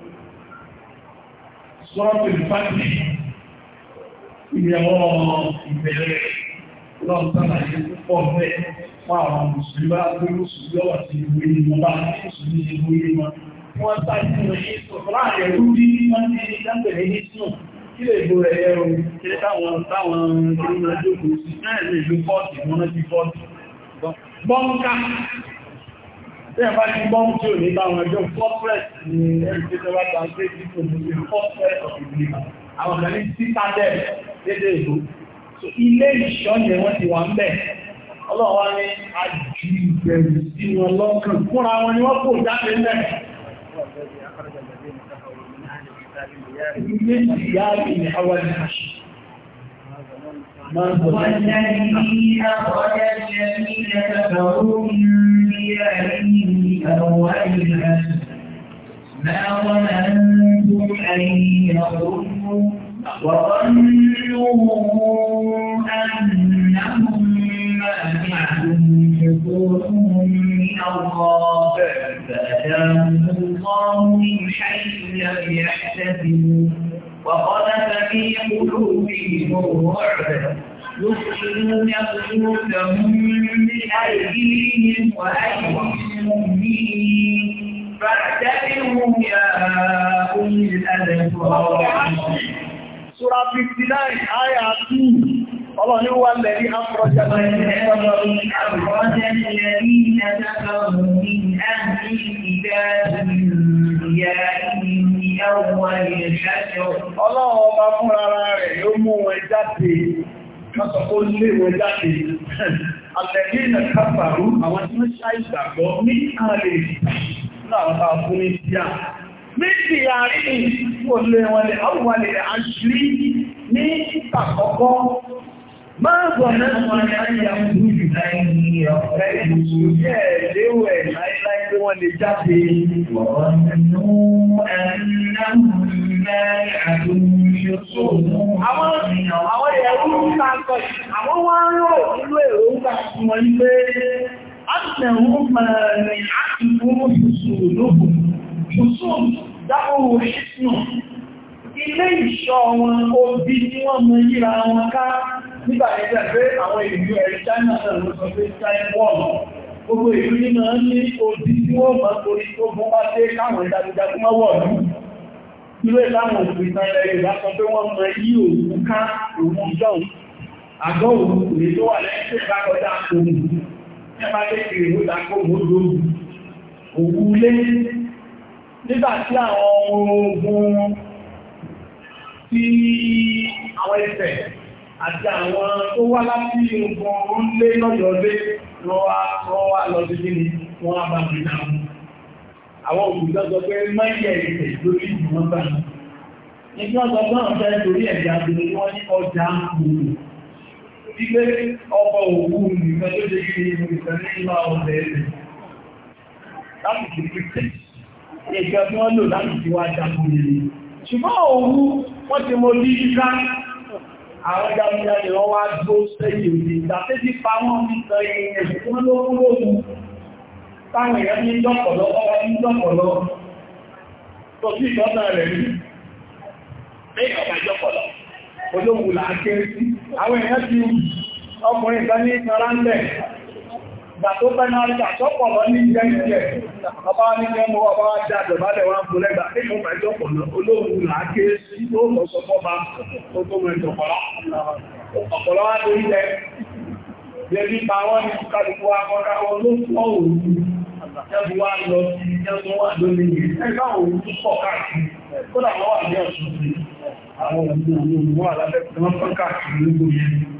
sọ́rọ̀tù ìfàtì ìyẹ̀wọ̀ ìbẹ̀rẹ̀ lọ́nà púpọ̀ bẹ́ fún àwọn mùsùlùmí àti mùsùlùmí ọwà ti ìwé ìmọ̀ bá mùsùlùmí ìwé ìmọ̀ wọ́n sáàtì rẹ̀ sọ̀rọ̀ àyẹ̀rú bí wọ́n ti dábẹ̀rẹ̀ ní sùn kí lè bó rẹ̀ ẹ̀rọ kí táwọn táwọn ìrìnàjò kò sí náà lè lo fọ́ọ̀tì mọ́ná bí fọ́ọ̀tì bọ́ǹkà Tí ẹ̀bá ti gbọ́n tí ò ní bá wọn fortress ni ẹ̀rùsí tó bá translate ní kò ní fortress of the believer. Àwọn kan ní citadel lédè ìlú. So ilé ìṣọ́ yẹn wọ́n ti wà ń bẹ̀. Ọlọ́run wá ní àjù ìbẹ̀rù sí wọn lọ́kàn. Fúnra wọn ni wọ́n kò jáde ń bẹ̀. Ilé ìyá هو الذي أخرج الذين كفروا من ديارهم أول الأسر ما ظننتم أن يخرجوا وظنوا أنهم مانعهم حقوقهم من الله فأتاهم الله من حيث لم يحتسبوا وقال في قلوبهم الرعب يسكنون قلوبهم بأيديهم وأيدي المؤمنين فاعتبروا يا أولي الأبصار سورة 59 آية 2 Ọlọ́run yóò wá lẹ́rí ápùrọ̀jẹ́ Ọlọ́run ọba fún ara rẹ̀ yóò mú wọn jáde, kásọ̀kó lé wọn jáde. Àtẹ̀lé ìnà kápàrú àwọn tí ó ṣáìsàgbọ́ ní ààrẹ náà bá fún ní síà. Méjì àárín ìpòlẹ̀ wọn lè áwùwalẹ̀ àṣírí ní ìtàkọ́kọ́ Máa bọ̀ náà wọ́n yá fún ìdáyìí ọ̀fẹ́ ìṣẹ́ léwẹ̀ láíláí tí wọ́n lè jáde. Wọ́n nú ẹ̀nà mẹ́ àdúgbò tó mú. Àwọn ẹ̀rú ń ta kọ̀ àwọn wọ́n rò nínú èrò ń ta fún wọn pé Àtẹ̀wọ́n máa rìn àti fún òṣùṣù lókùn. Ṣùṣù dákòrò ṣìṣù ilé ìṣọ́ wọn obi tí wọ́n mọ yíra wọn ká nígbà ẹgbẹ́ pé àwọn ìlú ẹ̀rí China náà ló sọ pé China wọ́n gbogbo ìlú nínú ní obi tí wọ́n mọ̀ torí tó bọ́ bá dé káwọn jagunjagun mọ́ wọ̀ ní ilé ìlànà òpìtàn ilẹ̀ Yorùbá sọ pé wọ́n mọ yí òun ká òun jọun àgọ́ òun kò lè tó wà lẹ́yìn nígbà tí àwọn ogun sí àwọn ẹsẹ̀ àti àwọn tó wá láti ogun ọ̀rún lé lọ́yọ̀ọ́lé wọ́n wá lọ sí ní wọ́n á bá mi náà mú. Àwọn òkúta sọ pé mẹ́yẹ̀ ìpè lórí ìgbìmọ̀ bá mi. Ìgbì ọ̀sọ̀ náà fẹ́ torí ẹ̀yà àbúrò tí wọ́n ní ọjà gbòòrò. Wípé ọkọ̀ òkú nìkan tó ṣe kí ni nìkan ní ìmọ̀ ọ̀sẹ̀ ẹ̀sẹ̀. Láti fi pípé, ìjọba wọn lò láti fi wá jagun yìí ṣùgbọ́n òun wọ́n ti mo lè ìdá àwọn ìdámúdá ni wọ́n wá gbó sẹ́yìn òdì ìdàtẹ́jì pa wọ́n ní sọ ìyẹn tí wọ́n ló kúrò ní táwọn èèyàn ní dọ́pọ̀lọ́ ọwọ́ ní dọ́pọ̀lọ́ tó sí ìtọ́nà rẹ̀ rí lẹ́yìn ọ̀gá ìjọpọ̀lọ́ olóhùn làákẹ́ sí àwọn èèyàn ti ọkùnrin kan ní ìtọ́lá ń bẹ̀ ìgbà tó fẹ́ náà ríta tọ́pọ̀ lọ ní jẹ́ ìjẹ́ ọba ní jẹ́mú ọba jẹ́ àjọ̀bálẹ̀ wọn kò lẹ́gbà tí mo fẹ́ jọpọ̀ lọ olóòrùn làáké sí tó lọ sọ fọ́ba tó tó mẹ́ jọpọ̀lá ọ̀pọ̀lọ́ wá tó jẹ́ lẹ́bí pa wọ́n ní kálùkù akọ́ra wọn ló pọ̀ òru jẹ́bù wá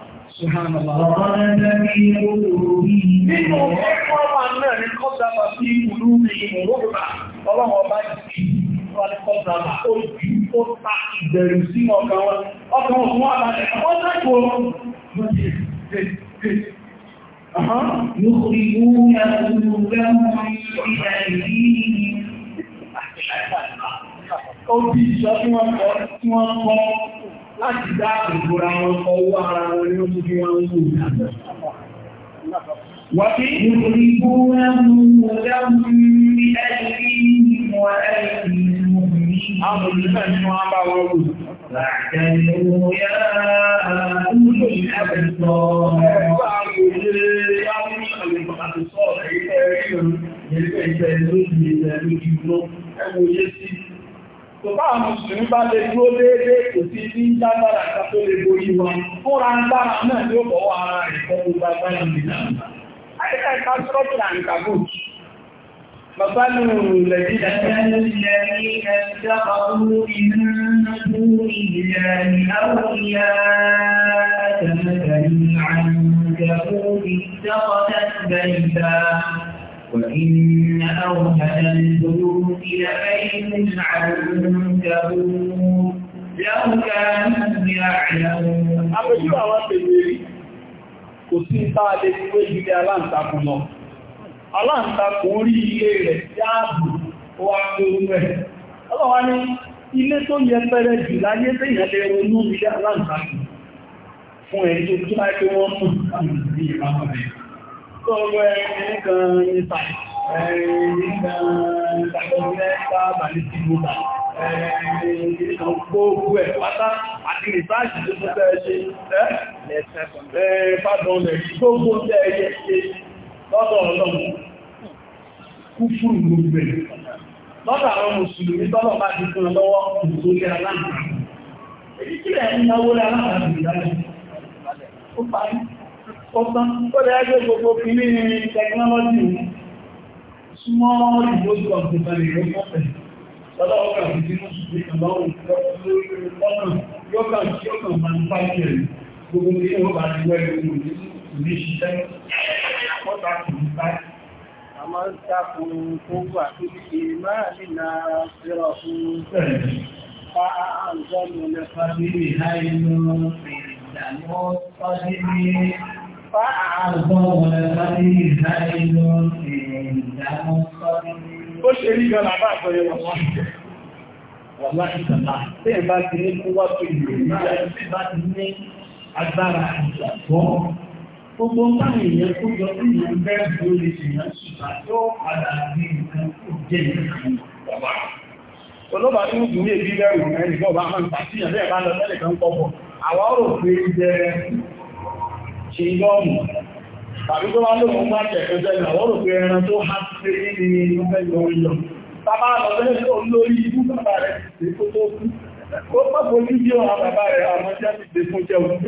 سبحان الله وقال في قلوبهم nínú ọ̀pọ̀lọpọ̀ náà ni kọ́sàbà sí ìlú ìhìn rọ́bà ọlọ́run ọba jì wọ́n ni kọ́sàbà ó jù ó ta ìbẹ̀rù sí ọkàn wọn ọkàn wọn wọ́n abalẹ̀ wọ́n tẹ́kọ̀ọ́ يخرجون قلوبهم بأيديهم Ó bí ìṣọ́ tí wọ́n kọ́ láti dá ìgbòra wọn ọwọ́ ara wọn ní oṣù fi wọn ń wò Wàbí ìròrí bóra mú ọjá mú ní ẹ̀rí ìmọ̀ ẹ̀rí ìmọ̀ ní àwọn olùfẹ́ ní wọ́n bá wọ́n rò. Láàrín ohun yá ààrùn ìrìnàbẹ̀sọ̀ ẹ̀rọ àgbòlé yáwó ìrìnàbẹ̀sọ̀ àti sọ́ọ̀rẹ̀ ilẹ̀ ẹ̀rí ìrìn tó bá àwọn mùsùlùmí bá lè dúró déédé kò sí ní lágbára ìta tó lè borí wọn fúnra agbára náà ni ó bọ̀wọ́ ara rẹ̀ fẹ́ gbogbo agbára nìyàn àyíká ìta sọ́ọ̀tì àǹkàbùt مثل الذين الذين وإن أوهد البيوت لبيت العنكبوت لو كانوا يعلمون أرجو أوابيري kò sí táa lè gbé ilé aláǹtakùn lọ. Aláǹtakùn orí ilé rẹ̀ jáàbù ó wá pé orú ẹ̀. Ọlọ́wà ní ilé tó yẹ pẹ́rẹ jù láyé tẹ́yìn lè ronú ilé aláǹtakùn fún ẹni Sọ́rọ̀ ẹni kan nípa, ẹni kan ìtàkọ̀ọ́lẹ́ta bàlí ti gbogbo, ẹni kan gbogbo ẹ̀ pátá àti ìtàṣì tó tó tẹ́ ṣe, ẹ́ pàdán lẹ̀ gbogbo tẹ́ ẹyẹ ṣe lọ́dọ̀ ọlọ́run kú fún gbogbo ẹ̀. Lọ́dọ̀ àwọn Mùsùlùmí ọgbọ́n tó lẹ́gbẹ́ gbogbo kìí ní technology small remote computer ní ọgbọ́n Ọlọ́ọ̀kà ìdí mú sí ìkàlọ́wọ̀ ọ̀nà yóò kà sí ọ̀nà manufacturing gbogbo ní ọwọ́ bá ti wẹ́rẹ̀ ohun ìlú ìṣiṣẹ́ ọ̀tà kò ní báyìí. A máa ń takùn tó wà tó ti máa nínà síra fún fa àǹzọ́nù lẹ́fà bí ìhá inú ìdàmọ́ sọ́dí ní Ó ṣe rí gan bàbá àgbọ̀yẹ̀ wọ̀n wọ́n láti tàbá. Bẹ́ẹ̀ bá ti ní kó wá tó ìlú ìjẹ́ bá ti ní agbára ìjàpọ̀. Gbogbo báyìí yẹn kó jọ sí ìlú bẹ́ẹ̀ bí ó lè ṣe náà ṣùgbà tó padà ní nǹkan tó jẹ́ nǹkan bàbá. Olóbàá ní ìdúró èbí bẹ́ẹ̀ rò mẹ́rin bọ́ ṣe tàbí tó wá lóòmù bá tẹ̀kọ́ jẹ́nà wọ́n rò ẹran tó há sí ní ilẹ̀ ìlọ́rìnlọ́ tàbá lọ tó lórí ibú bàbá rẹ̀ sí tó kú ó pàpọ̀ ní bí ọ̀rọ̀ bàbá rẹ̀ àwọn ti dé fún jẹun tí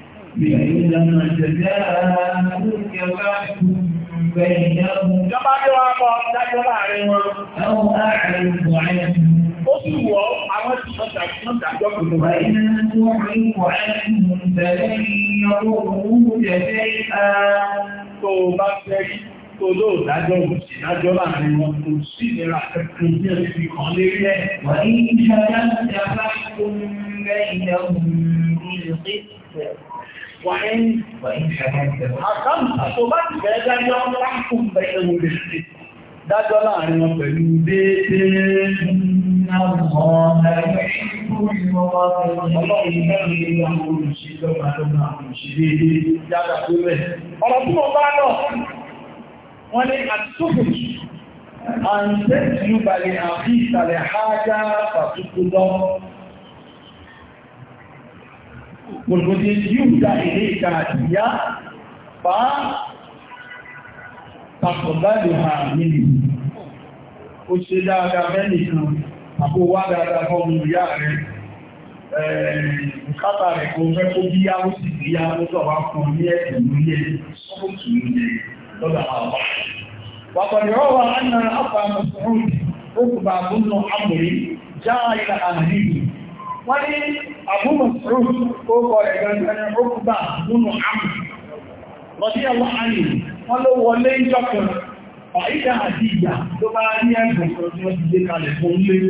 بينما تجاهلك فاحكم بينهم كما يرى أو أعرف عنهم ó sì wọ àwọn tí wọ́n tàbí wọ́n tàbí ọkùnrin wa. Ìyá tó rí wà nínú tẹ̀lé ìyàwó òun jẹ̀dẹ̀ ìta. Tó o bá fẹ́ rí tó lóò dájọ́ òsì dájọ́ láàrin wọn kò sí ìlera kẹkẹ ní ẹ̀sìn kan lérí ẹ̀. Wà ní ìṣẹ́jà ti a bá kó ń bẹ́ ìyàwó ìlú وإن حكمت صبت بهذا اليوم فاحكم بينهم بالقسط dájọ́ láàrin wọn pẹ̀lú déédéé ọ̀rọ̀ tí mo bá lọ wọ́n ní àtúkù àǹtẹ́ ìlú balẹ̀ àfi ìsàlẹ̀ hájá pàtúkù lọ́wọ́ والمدين يهدى إليك هدية فتقبلها منه ó ṣe dáadáa mẹ́nìkan àpò wá dáadáa fọ́ ọmọ ìyá rẹ̀ ẹ̀ẹ̀kátà rẹ̀ kò fẹ́ kó bí yá ó sì bí yá ó sọ̀rọ̀ fún ní ẹ̀sìn ilé sọ́ọ̀tù ánà àmúrí já ìlà wọ́n ní àbúmọ̀ ṣúrù ó kọ ẹ̀gbẹ̀rẹ̀ ọkùnbà nínú àmì lọ́dí ọlọ́ àyè wọ́n ló wọlé ìjọkùn ọ̀ídà àti ìyà tó bá ní ẹgbẹ̀rẹ̀ tí ti gbé kalẹ̀ fún lé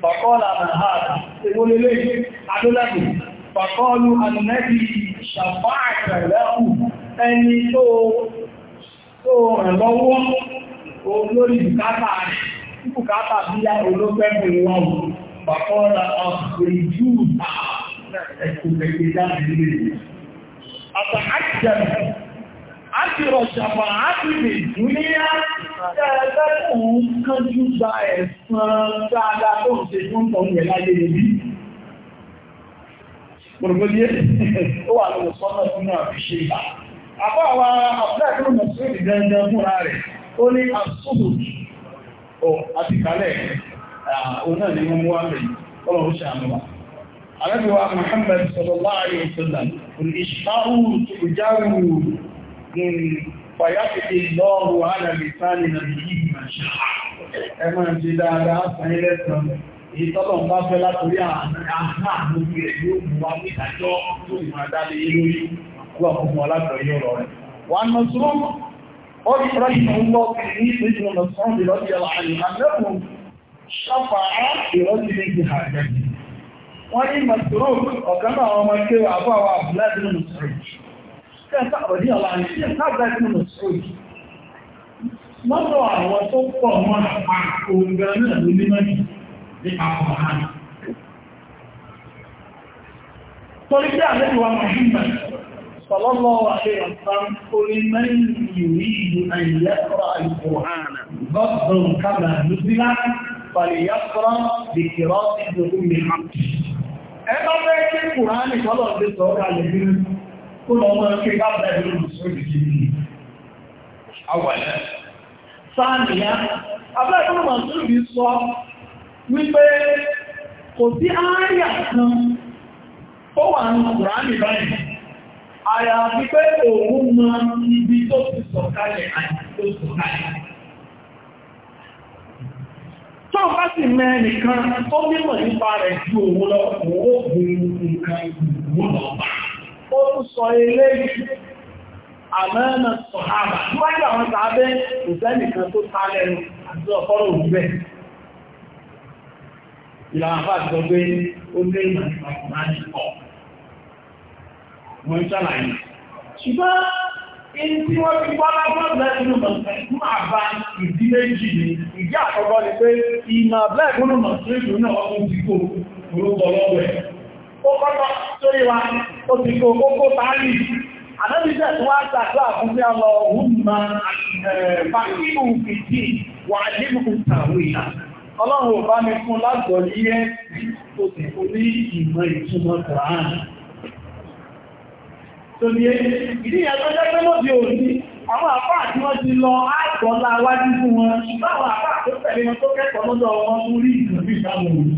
fàkọ́lá àhàrà ewólélé bàkọ́lá àpèjú ẹ̀kùnkẹ̀kẹ̀ jáde lè. Àtàkàjẹ̀ àtìrọ̀ ṣàpà àtìrì dúníyà tẹ́ẹ̀lẹ́kùn kánjú gba ẹ̀sán dáadáa tó ṣe fún ọmọ ẹ̀láyé lórí. Gbogbogbòdíyé, ó wà lọ́wọ́ sọ́nà fún àfiṣe ìgbà. Àbá wa àpẹ́ẹ̀kùn mọ̀ sí ìdẹ́ndẹ́ fúnra rẹ̀, ó ní àṣùgbò àti kalẹ̀ òun náà ni wọ́n mú wá mẹ́rin ọlọ́run ṣàánú wa arábíwá Muhammad sallallahu alaihi wasallam ìṣàrù ìjáwù fàyàfìdì lọ́rù alàbìsáàlì nà bí i màṣá ẹmọ́ ti dáadáa sáyé lẹ́sàn èyí tọ́lọ̀ ń bá fẹ́ látorí àánú rẹ̀ yóò mú wa ní ìdájọ́ tó ìmọ̀ àdáde lórí wà fún ṣọ́fà ìrọ́lù méjì àjẹ́ wọ́n ní mọ̀sùrù ọ̀kan náà ọmọ ike àbọ̀ àwọn àbúláàdì nínú sọ̀rọ̀ kẹta ọ̀dí ọ̀la ní ṣe sábẹ́ nínú sọ̀rọ̀ lọ́dọ̀ àwọn tó pọ̀ mọ́ àkóńgá náà ló ní mọ́ni ní àwọn ọ̀hán torí pé àlejò wa Muhammad sallallahu alaihi wasallam kuli man yuridu an yaqra al-Qur'ana ghadban kama fàlìyàkọ́rọ́ dìkìrọ́ ìdòkú mi hàpì. ẹ bá fẹ́ kí kùránì tọ́lọ̀ ti sọ kalẹ̀ bí kó lọ mọ́ kí bá bá ìlú mùsùlùmí kì í bí. awàlẹ̀ sáàmìyá abẹ́ẹ̀kọ́ mùsùlùmí sọ wípé kò sí ááyà kan ó wà ní kùránì báyìí àyàfi pé òun mọ ibi tó ti sọ̀kalẹ̀ àti tó sọ̀kalẹ̀ tó bá sì mẹ́ nìkan tó mímọ̀ nípa rẹ̀ ju òun lọ òun nǹkan ìgbìmọ̀ lọ ó ń sọ eléyìí àmẹ́nà àti ọ̀fọ́rọ̀ òwúrẹ̀ ìlànà àfáà sọ pé ó lé ìmọ̀ nípa ọ̀pọ̀ Èyí tí wọ́n fi bọ́ lábọ́ọ̀lẹ́ inú mọ̀sílùmù àbá ìdí méjì ni, ìdí àkọ́kọ́ ni pé ìmọ̀ àbẹ́ ìgbónú mọ̀sílùmù náà ó ti kó orúkọ lọ́wọ́ ẹ̀. Ó kọ́kọ́ sórí wa, ó ti kó kókó tààrí. Àdábí jẹ́ tí wọ́n ṣàdúrà fún bí ọlọ òun ma fàkíhù fìtì wà nínú ìtàwé ìlà. Ọlọ́run ò bá mi fún lágbọ̀ọ́ yẹ́ tó ti fún ní ìmọ̀ ìtumọ̀ Kùránì tó ní ìdí ẹ̀tọ́jẹ́ pé lóde òní àwọn àpá àti wọ́n ti lọ àtọ́lá wájú fún wọn ṣùgbọ́n àwọn àpá àti ó tẹ̀lé wọn tó kẹ́kọ̀ọ́ lọ́dọ̀ wọn mú ìgbìyànjú ìdáhùn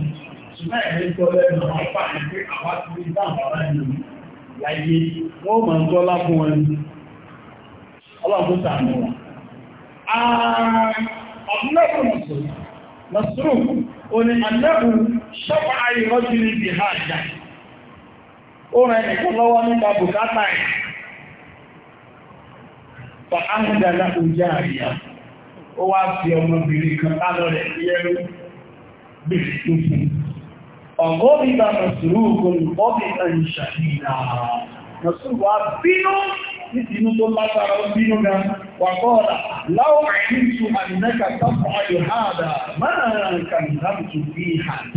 ṣùgbọ́n ẹ̀rẹ́ tó ó rẹ̀ nìkan lọ́wọ́ nípa bùkátà ẹ̀ fa áhùdàlá òjá àríyá ó wá fi ọmọbìnrin kan tálọ rẹ̀ sí ẹrú bí i tó fún ọ̀gọ́ bíbá mọ̀sùrù ògùn ọ̀bí ẹ̀ṣàdìdà mọ̀sùrù wá bínú nítìínú tó lágbára ó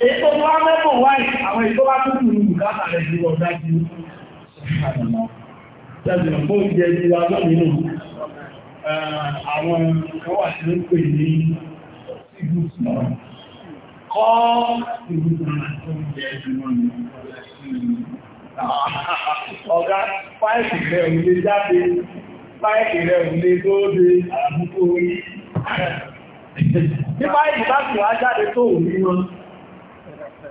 èyí tó wá mẹ́bùn wáyé àwọn èyí tó bá tún kùn ní bùkátà rẹ̀ ju ọ̀dá ju ṣẹ́bìn fún ìjẹ́ ní ọjọ́ nínú àwọn kan wà tí ó pè ní ìgbùsùn kọ́ ìgbùsùn tó ń jẹ́ ìgbùsùn ọ̀gá páìpì rẹ̀ ò lè jáde páìpì rẹ̀ ò lè lóde àbúkò orí ní páìpì láti wá jáde tó òní wọn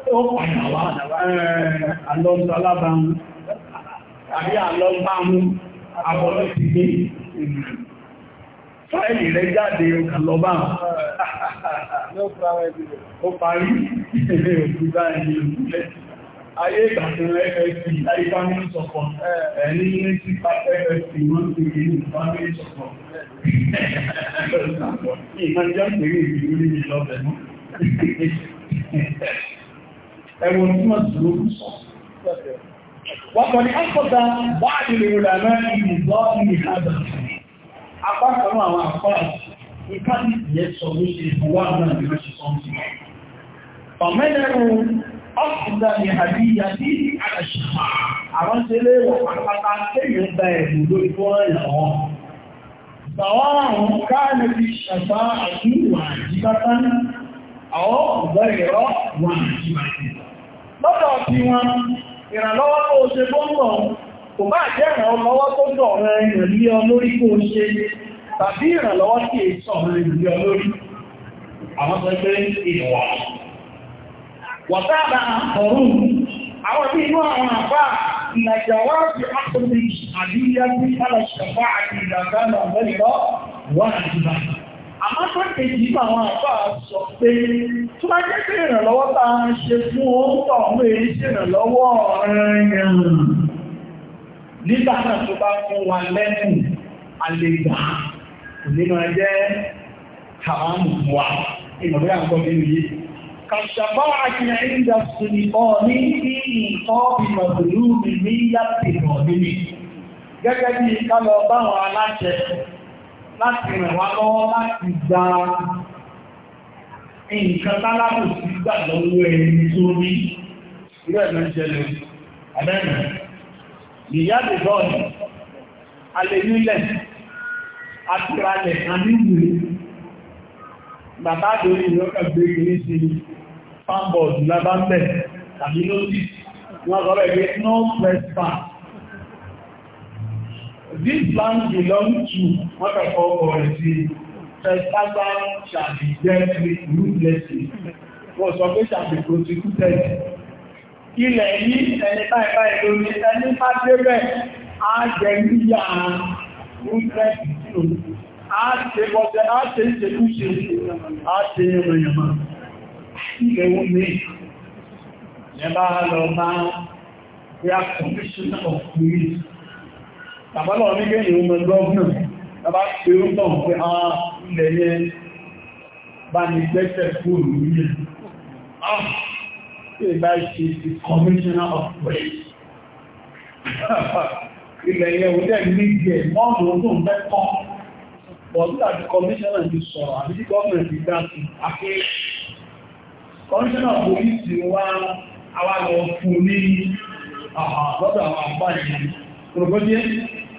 ó padà wá àlọ́gbàlábàmú àbí àlọ́gbàmú àbọ̀lọ́ ti gbé fáìlì rẹ̀ jáde ọkàlọ́bà ó parí ìṣẹ̀lẹ̀ òkúta ẹni òkúlẹ̀ ayé ìgbàsẹ̀lẹ̀ fsp ayé family support ẹni ní sí fsp wọ́n ti rí ní family support ìmọ̀ jẹ́ pẹ̀lú ìrírí lọ́bẹ̀ náà ẹ̀wọ̀n tí wọ́n sì lórí sọ. Wọ́n kọ̀ ní ọ́pọ̀ta wáàdì lè rà mẹ́rin ìgbọ́ ìhàdà. Apá kan àwọn àpá ìkáàdì yẹ sọ ló ṣe ìfọwọ́ àwọn àdìmọ́ ṣe sọ sí. Ọ̀mẹ́lẹ́rù ọ́pọ̀ta ní àdíyà sí àṣìṣà. Àwọn ṣe lé wọ̀ pàtàkà kéèyàn gba ẹ̀bùn lórí fọ́ọ̀rẹ̀ wà àjíkátá lọ́dọ̀ ti wọn ìrànlọ́wọ́ tó ṣe tó ń mọ̀ kò bá jẹ́ ìrànlọ́wọ́ tó dọ̀ rẹ̀ ìrìnlẹ́ olórí kó ṣe tàbí ìrànlọ́wọ́ tí è sọ ìrìnlẹ́ olórí àwọn tó gbé ìwà wọ̀táàbà ọ̀rùn àwọn tí inú àwọn àbá ìlàjàwá ti ápùlì àdíyá sí alàṣàfá àti àmọ́ tó kejì àwọn àpá sọ pé tó bá jẹ́ pé ìrànlọ́wọ́ ta ń ṣe fún oúnjẹ ọ̀hún èyí ṣe ìrànlọ́wọ́ ọ̀rẹ́rìn nígbà náà tó bá fún wa lẹ́nu àlègbà nínú ẹjẹ́ kàwámù wa ìmọ̀lẹ́ àgbọ̀ nínú yìí kàṣàbá àkìyà ìjà sùnìkọ́ ní bí ìtọ́ ìmọ̀gbìlú mi ní yàtìmọ̀ nínú gẹ́gẹ́ bí kálọ̀ báwọn aláṣẹ láti ràn wá lọ́wọ́ láti gba nǹkan tálábù sí gbà lọ́wọ́ ẹni tó rí ìrẹ́ ẹ̀mẹ́ ìṣẹ̀lẹ̀ àbẹ́rẹ̀ ìyáde bọ́ọ̀lù alẹ́nílẹ̀ àti ralẹ̀ àníwìrì bàbá àdórí ìrọ́kà gbé kìí sí fáńbọ̀ọ̀dù lábámbẹ̀ tàbí lóòtì wọ́n sọ This land belongs to what I call policy. Trespasser shall be dealt with ruthlessly. Wọ́n sọ shall be prosecuted. Ilẹ̀ yìí ẹni báyìí báyìí ló ní ẹni bá débẹ̀ á jẹ níyà ruthless too. Á ṣe bọ́sẹ̀, á ṣe ìṣekúṣe, á ṣe yẹmọ̀yẹmọ̀. Ilẹ̀ wọn ní ẹbá lọ máa rí a commissioner of police tàbálọ̀ ní kéyìn ọmọ gọ́ọ̀nà tàbá pé ó tàn pé a ah, ilẹ̀ yẹ bá ní gbẹ́sẹ̀ fóòrù nílẹ̀ ah tí ìgbà ṣe ti commissioner of police ilẹ̀ yẹ ò dẹ̀ ní jẹ mọ́ọ̀nù ọdún mẹ́kọ́ bọ̀dúrà ti commissioner ti sọ̀rọ̀ àti tí gọ́ọ̀nà ti dá sí àpé commissioner of police wá awàlọ̀ fún ní ah, àwọn àbọ́dọ̀ àwọn àbáyé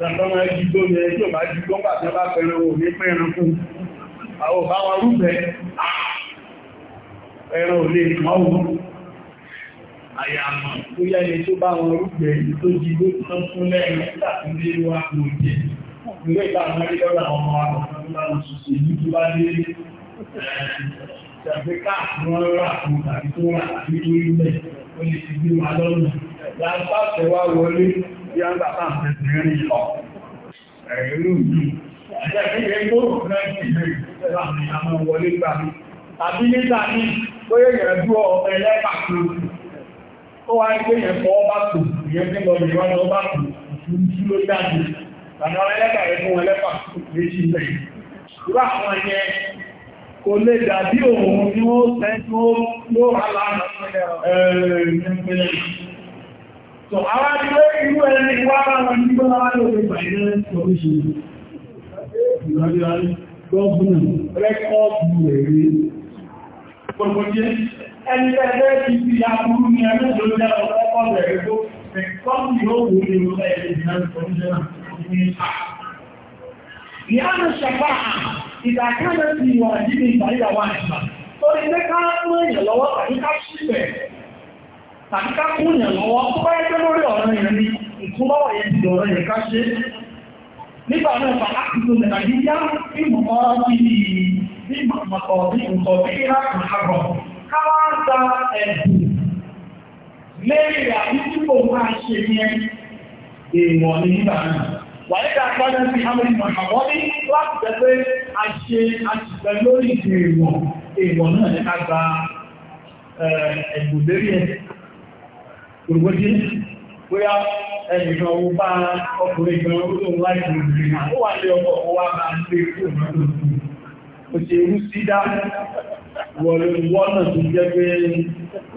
Tàbọ́mọ́ ẹjú tó yẹ tí ò bá jú tó ń bà tí ó bá pẹ̀rẹ̀ wò ní pẹ̀rẹ̀ fún. Àwọn bá wọn rúfẹ́, ẹran ò lè mọ́ òun. Àyàmọ̀ tó yẹ́ ni tó bá wọn rúfẹ́ tó jí ló tán fún lẹ́rin tàbí lé wá mú jẹ. Ilé wà àbí tó ó lè ti gbé wa lọ́nà lápapọ̀ wá wọlé bí a ń bàbá àfẹ́sẹ̀ rìn lọ ẹ̀rọ mi àjẹ́kẹ́kẹ́ gbóòrò náà ti lè láàrin àwọn wọlé gbà mí tàbí nígbà ní bóyá yẹn dú ọmọ ẹlẹ́bà kan ó wá ń gbé yẹn fọ́ bá tò ìyẹn tí lọ yẹn wọ́n bá tò ìfúnjú ló jáde àwọn ẹlẹ́bà yẹn fún ẹlẹ́bà méjì lẹ́yìn kò lè dàbí òun ni ó tẹ́jú ló hàlá ẹ̀rẹ̀ So, àwọn ilé ìlú ẹni wá lára ní gbọ́nà láti òfin ìgbàlẹ̀ ọ̀ríṣẹ́ ìgbàlẹ̀ gọ́ọ̀bùnà rẹ́kọ́ọ̀bù ẹ̀rí. Gbogbo jẹ́ ẹni ẹgbẹ́ ti fi àbúrú ní ẹgbẹ́ tó jẹ́ ọ̀pọ̀ ẹ̀rí tó Ìyáàmù ṣẹ̀fà ìdàkánlẹ̀ ti wà níbi ìgbàlẹ̀ wà nípa. Tó ní pé ká mọ́ èèyàn lọ́wọ́ tàbí ká ṣíbẹ̀ tàbí ká kún èèyàn lọ́wọ́ tó bá yẹ́ lórí ọ̀rọ̀ èèyàn ni ìtúnlọ́wọ̀ yẹn ti dọ̀rọ̀ èèyàn ká ṣe. Nígbà náà bàbá ti tó mẹ́ta ní yá ìmọ̀ ọ̀rọ̀ bí i ìmọ̀ ọ̀rọ̀ bí i nǹkan bí i láti àbọ̀. Ká wá ń ta ẹ̀bùn lérí àbí tí kò máa ṣe yẹn èèwọ̀ ni nígbà náà. Wàíkà kọ́lá sí Hamlin Mọ̀hàmọ́ ní láti jẹ́ pé a ṣe àṣìṣẹ́ lórí èèwọ̀ èèwọ̀ náà ní àgbà ẹ̀gbùn lérí ẹ̀. Gbogbogbé, bóyá ẹnìkan owó bá ọkùnrin kan olóòrùn láì gbogbogbò náà, ó wà lé ọkọ̀ owó àbá ń lé fún òṣèrú sídá wọ̀lú wọ́nà tó jẹ́ pé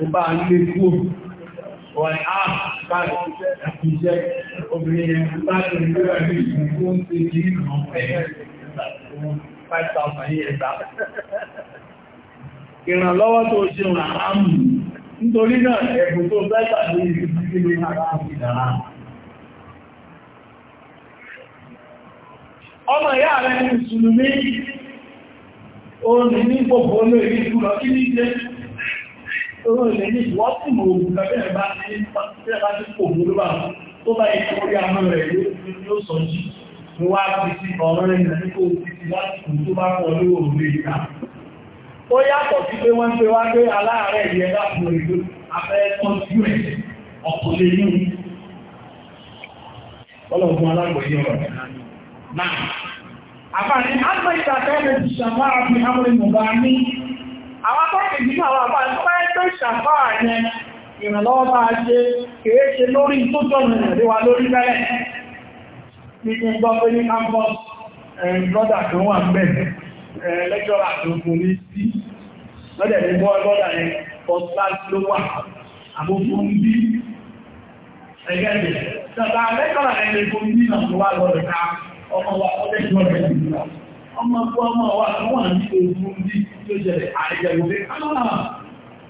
ó bá ń lé fún wọ́n á ah, báyìí iṣẹ́ obìnrin yẹn bá lè rí rẹ̀ ní ìgbìmọ̀ tó ń ti di ìlú ọ̀fẹ́ five thousand years back. ìrànlọ́wọ́ tó ṣe ń àmù nítorí náà ẹ̀bùn tó fẹ́ tàbí ìrísí ní ara ìdára. ọmọ ìyá rẹ̀ ní mùsùlùmí ó ní ní gbogbo olóòrí ìlú lọ kí Oró ilẹ̀ ní wọ́n sì mọ̀ òun kẹ́bẹ̀rẹ̀ bá ní pàtíkẹ́ bá ní kò mú ló bá tó bá ikú orí amọ́ rẹ̀ yóò sọ jí. Mo wá fi sí ọ̀rọ̀ rẹ̀ nígbà tó ti ti láti kù tó bá pọ̀ lórí òun lè ta. Ó yàtọ̀ sí pé wọ́n ń pe wá pé aláàárẹ̀ yẹ láti òyìnbó afẹ́ tọ́jú ẹ̀ ọ̀pọ̀ lè ní. Ọlọ́run alágbòye ọ̀rọ̀ náà. Àfààní, àgbẹ̀ ìtàkẹ́ Títà ìṣàfá àyẹn ìrànlọ́wọ́ bá ṣe kèé lórí tó jọ̀nà lórí gbọ́ pé ní campus brọ́dà tó wà mẹ́ lẹ́jọ́rà tó kò ní sí lọ́dẹ̀ ní bọ́ brọ́dà ló wà àbúkú ń bí wà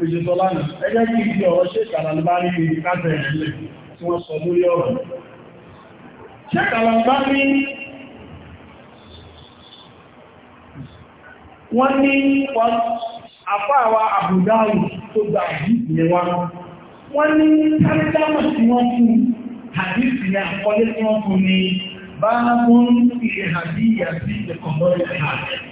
oṣù sọ lánàá ẹgbẹ́ kí ìdí ọ̀rọ̀ ṣèkà lálùbá ní ibi kábẹ̀ ẹ̀lẹ̀ tí wọ́n sọ lórí ọ̀rọ̀ ṣèkà ní wọ́n ní àfáàwà àbùdáàlù tó gba àdíìsì yẹn wọ́n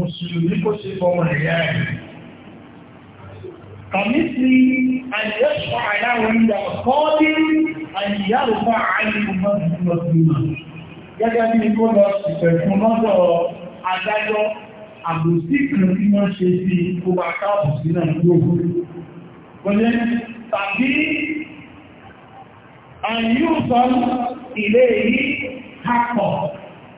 mùsùlùmí kò ṣe fọmọ ẹ̀yà ẹ̀. kàmísì àyẹ̀ṣọ́ àyàwó ìyá kọ́ọ́lì àyíyáwó fún àyíkù mọ́tìmọ́tìmọ́ gẹ́gẹ́ bí kó lọ ìpẹ̀fún lọ́dọ̀ adájọ́ àbòsí kan ṣe sí kó káàbù sí náà lóògùn. Kọ́lé tàbí àyíyùsọ ilé yìí kápọ̀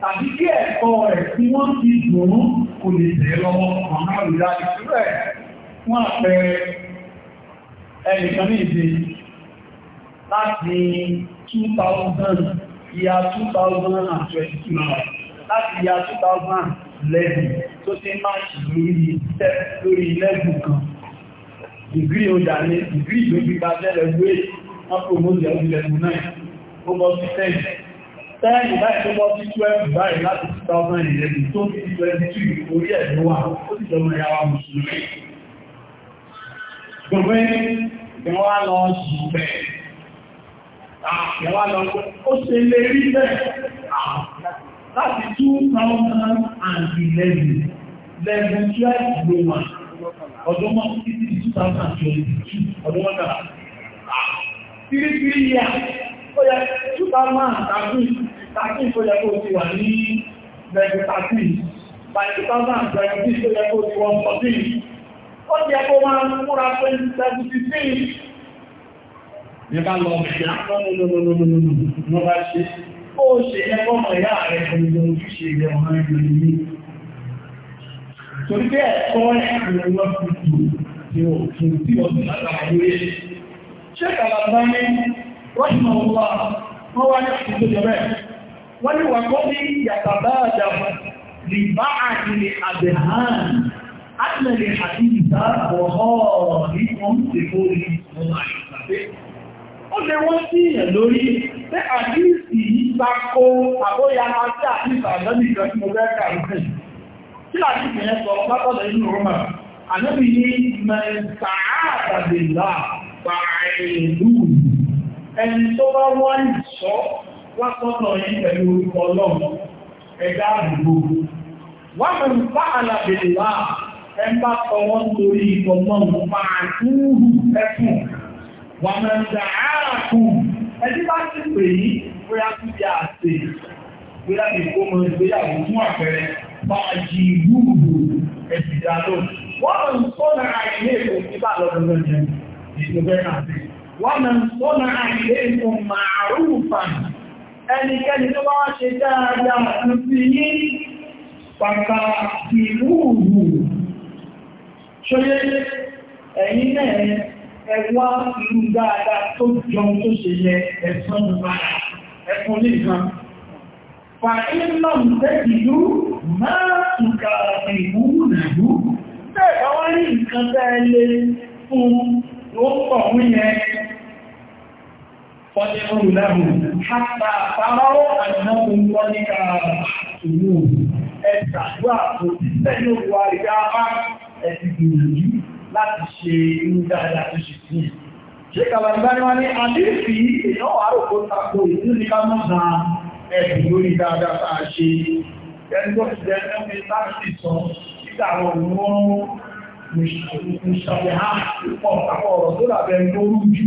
tàbí kí ẹ̀kọ́ rẹ̀ tí wọ́n ti dùn kò lè tẹ̀ lọ́wọ́ ọ̀nà àrùdá ìṣúrẹ̀ fún àpẹẹrẹ ẹnìkan ní ìdí láti 2000 ìyá 2022 láti ìyá 2011 tó ti máàkì lórí step lórí lẹ́gùn kan ìgírí ọjà ní ìgírí ìgbégbígbà tẹ́lẹ̀ gbé wọ́n promote ẹgbẹ̀lẹ́gùn náà ó bọ́ sí tẹ́lẹ̀ tẹ́ẹ̀lì báyìí tó bọ́ sí 12 báyìí láti 2011 tó bí 22 orí ẹ̀ ló wà ó sì jọmọ ìyàwó mùsùlùmí gbogbo ìwọ́n lọ sí bẹ́ẹ̀ àyẹ̀wà lọ ó ṣe lè rí bẹ́ẹ̀ láti 2011 lẹ́gbẹ̀ẹ́ 12 ló wà ọdún mọ́ títí 2022 ọdún mọ́kànlá 33 years ó yẹ ṣúgbà máa tàbí tàbí tó yẹ kó ti wà ní bẹ̀rẹ̀ tàbí by 2017 tó yẹ kó ti wọ́n tọ́bí ó yẹ kó máa múra 2017 ní ká lọ bẹ̀rẹ̀ lọ́nà ó ṣe ẹgbọ́n mọ̀ ìyá rẹ̀ pẹ̀lú ojúṣe rẹ̀ ọ̀rọ̀ ìrìn ní torí pé ẹ̀kọ́ ẹ̀kọ́ lọ́pùpù tí ó kí ó tí ó ti látàrí ṣé kàlàbá ní رحمه الله هو يحدث جمال ولوقد يتبادر لبعض الأذهان أن الحديث وخالف لقول الله Ó lè wọ́n sí ìyẹ̀ lórí pé àdíìsì yìí bá kó àbóyá àti àtàdìlá pàà èlú ẹni tó bá wá ìṣọ́ wákọ́nà yìí pẹ̀lú orúkọ ọlọ́run ẹ̀dá àdúgbò wọ́n mú bá alàbèlè wá ẹgbà tọwọ́ torí ìtọ̀mọ́nù pàtúrù ẹkùn wọ́n mú ẹ̀dá ààkùn ẹdí bá ti pè yí bóyá tó bí àṣẹ bóyá bí kó mọ ìgbéyàwó fún àpẹẹrẹ pàjì ìlúùbù ẹ̀sìdá lónìí wọ́n mú sọ́nà àìlè ìlú nígbà lọ́dọọdọ jẹ ìlú bẹ́ẹ̀ náà wọ́n mọ̀ sọ́nà àìlé ìkùn màárùn-ún ẹnikẹ́ni tó bá ṣe dáadáa ń fi yí pàkà ìlúùrù ṣóyé ẹ̀yìn náà ẹwà ìlú dáadáa tó jọun tó ṣe yẹ ẹ̀sán ìbára ẹkùn ní ìkan wá ní nǹkan tẹ́ẹ̀lé fún ló pọ̀ wíyẹn فَلْيَقُلْ لَهُمْ حَتَّى تَرَوْا أَنَّهُمْ قَدْ كَافَأْتُمُوهُ Ẹ̀sàdúrà kò sí sẹ́yìn òwò àríyá bá ẹ̀sì gbìyànjú láti ṣe inú dáadáa tó ṣe sí. Ṣé kàbàlùbá ni wọ́n ní àdéfì èèyàn wà rògbò tako ìlú ní ká mọ́ na ẹ̀sìn lórí dáadáa tá a ṣe. Ẹgbẹ́ ìjẹ́ ẹgbẹ́ táàkì sọ nígbà àwọn òun mú ṣàbẹ̀há pọ̀ àwọn ọ̀rọ̀ tó dàbẹ̀ lórújú.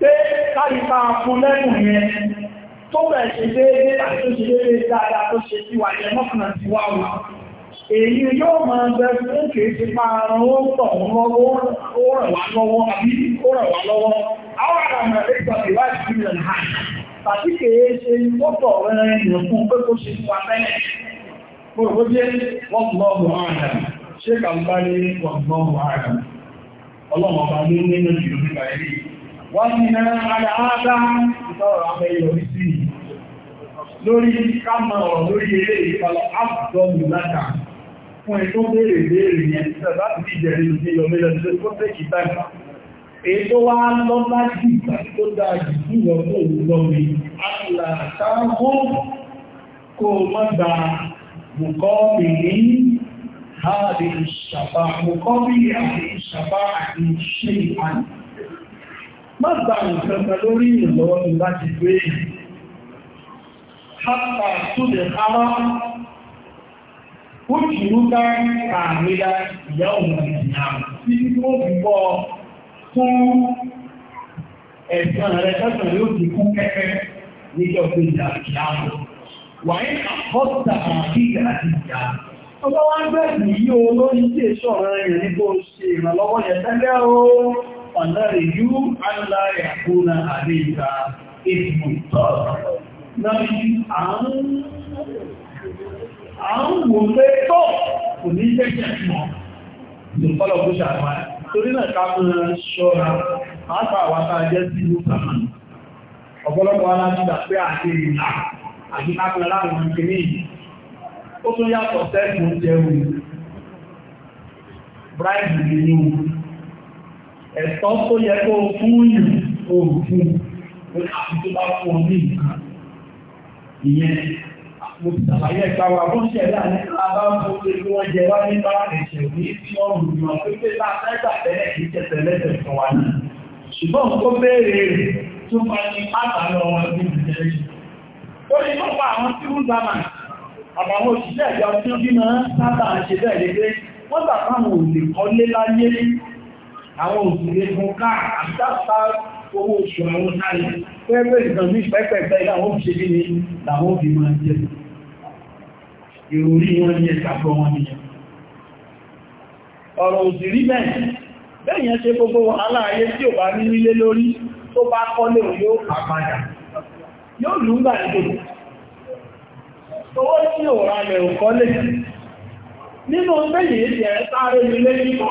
pé káyíká fún lẹ́kùn yẹn tó bẹ̀ ṣe déédé àti tó ṣe déédé dáadáa tó ṣe tí wà jẹ mọ́kànlá ti wà wà èyí yóò máa bẹ fún máa ó ó rẹ̀ wá lọ́wọ́ àbí ó rẹ̀ wá lọ́wọ́ àwọn ìwádìí tàbí rẹ̀ pé kó ṣe fún abẹ́lẹ̀ lọ́wọ́ ṣé wọ́n lọ́wọ́ wọ́n ni náà aláàbá ìtọ́rọ̀ àmẹ́yẹ orí sí lórí kámà ọ̀rọ̀ lórí eré ìpàlọ̀ ápùtọ́mù láta fún ètò béèrè béèrè yẹn láti bí ìjẹ̀rẹ̀ ìlúgbé yọ mẹ́lẹ̀ tó tó tẹ́ kì báyìí ètò wá lọ́lá jù tó dáa jù fún ọ̀pọ̀ òwúrọ̀ mi alàtàkó kó má gba àti ìṣàbá àti ṣe ìpàdé má gba nǹkan kan lórí ìlọ́wọ́ mi láti gbé èyí hapa túnlẹ̀ ara ó kì í ká kàríra ìyá òun ìyàmù tí ó fi bọ́ fún ẹ̀sán rẹ̀ sẹ́sàn yóò ti kú kẹ́kẹ́ níjọ́ pé ìjà ìyàmù wà ní àkọ́ta àti ìjà àti ìjà ọba wá gbẹ̀rù yí o tí èso ọ̀rẹ́ rẹ̀ nígbó ṣe ìrànlọ́wọ́ yẹn tẹ́lẹ̀ o ọ̀nàrí yú aláyà kúnà àríkà ìfùtọ̀. Lọ́rí à ń wò pé tọ́ kò ní jẹ́jẹ́ mọ̀ lùpọ̀lọ̀ kó ṣàwá. Torí náà ká mọ́ ṣọ́ra, àápàá wà bá jẹ́ sí Lúkàmà. Ọ̀pọ̀lọpọ̀ alájúgbà pé àti ìlà àti kápẹ́ láwọn ìkìní yìí. Ó tún yàtọ̀ sẹ́ẹ̀kùn jẹun. Brian Bìnrin ẹ̀tọ́ tó yẹ kó fún ìlú òògùn ló láti tó bá fún ọ ní nǹkan ìyẹn mo ti sàlàyé ẹ̀ka wa bó ṣe ẹ̀dá ní àbá fún ṣe kí wọ́n jẹ wá nípa ẹ̀ṣẹ̀ ní tí wọ́n rù yàn pé pé bá sẹ́gbà tẹ́lẹ̀ kì í tẹ̀tẹ̀ lẹ́sẹ̀ fún wa náà ṣùgbọ́n tó béèrè rẹ̀ tó máa ní pátánà wọn ní ìjẹ́ ó lè mọ́pa àwọn tí ó dámà àbàwọn òṣìṣẹ́ ìjọ tí ó bí máa sábà ṣe bẹ́ẹ̀ lé pé wọ́n gbà fáwọn òlè kọ́lé láyé àwọn òṣèré fún káà àtàkà owó oṣù àwọn sáré pẹ́pẹ́ ìtànjú ìpẹ́pẹ́pẹ́ láwọn òṣè bí ní làwọn òbí máa jẹ́ ìròrí wọn ní ẹ̀sàfọ́ wọn ni ọ̀rọ̀ òṣèré bẹ́ẹ̀ bẹ́yẹn ṣe gbogbo wàhálà ayé tí ò bá ní nílé lórí tó bá kọ́lé òun yóò pàpàdà yóò lù ń gbà nígbò owó tí ò rà lẹ̀ ò kọ́lé sáré nílé nígbà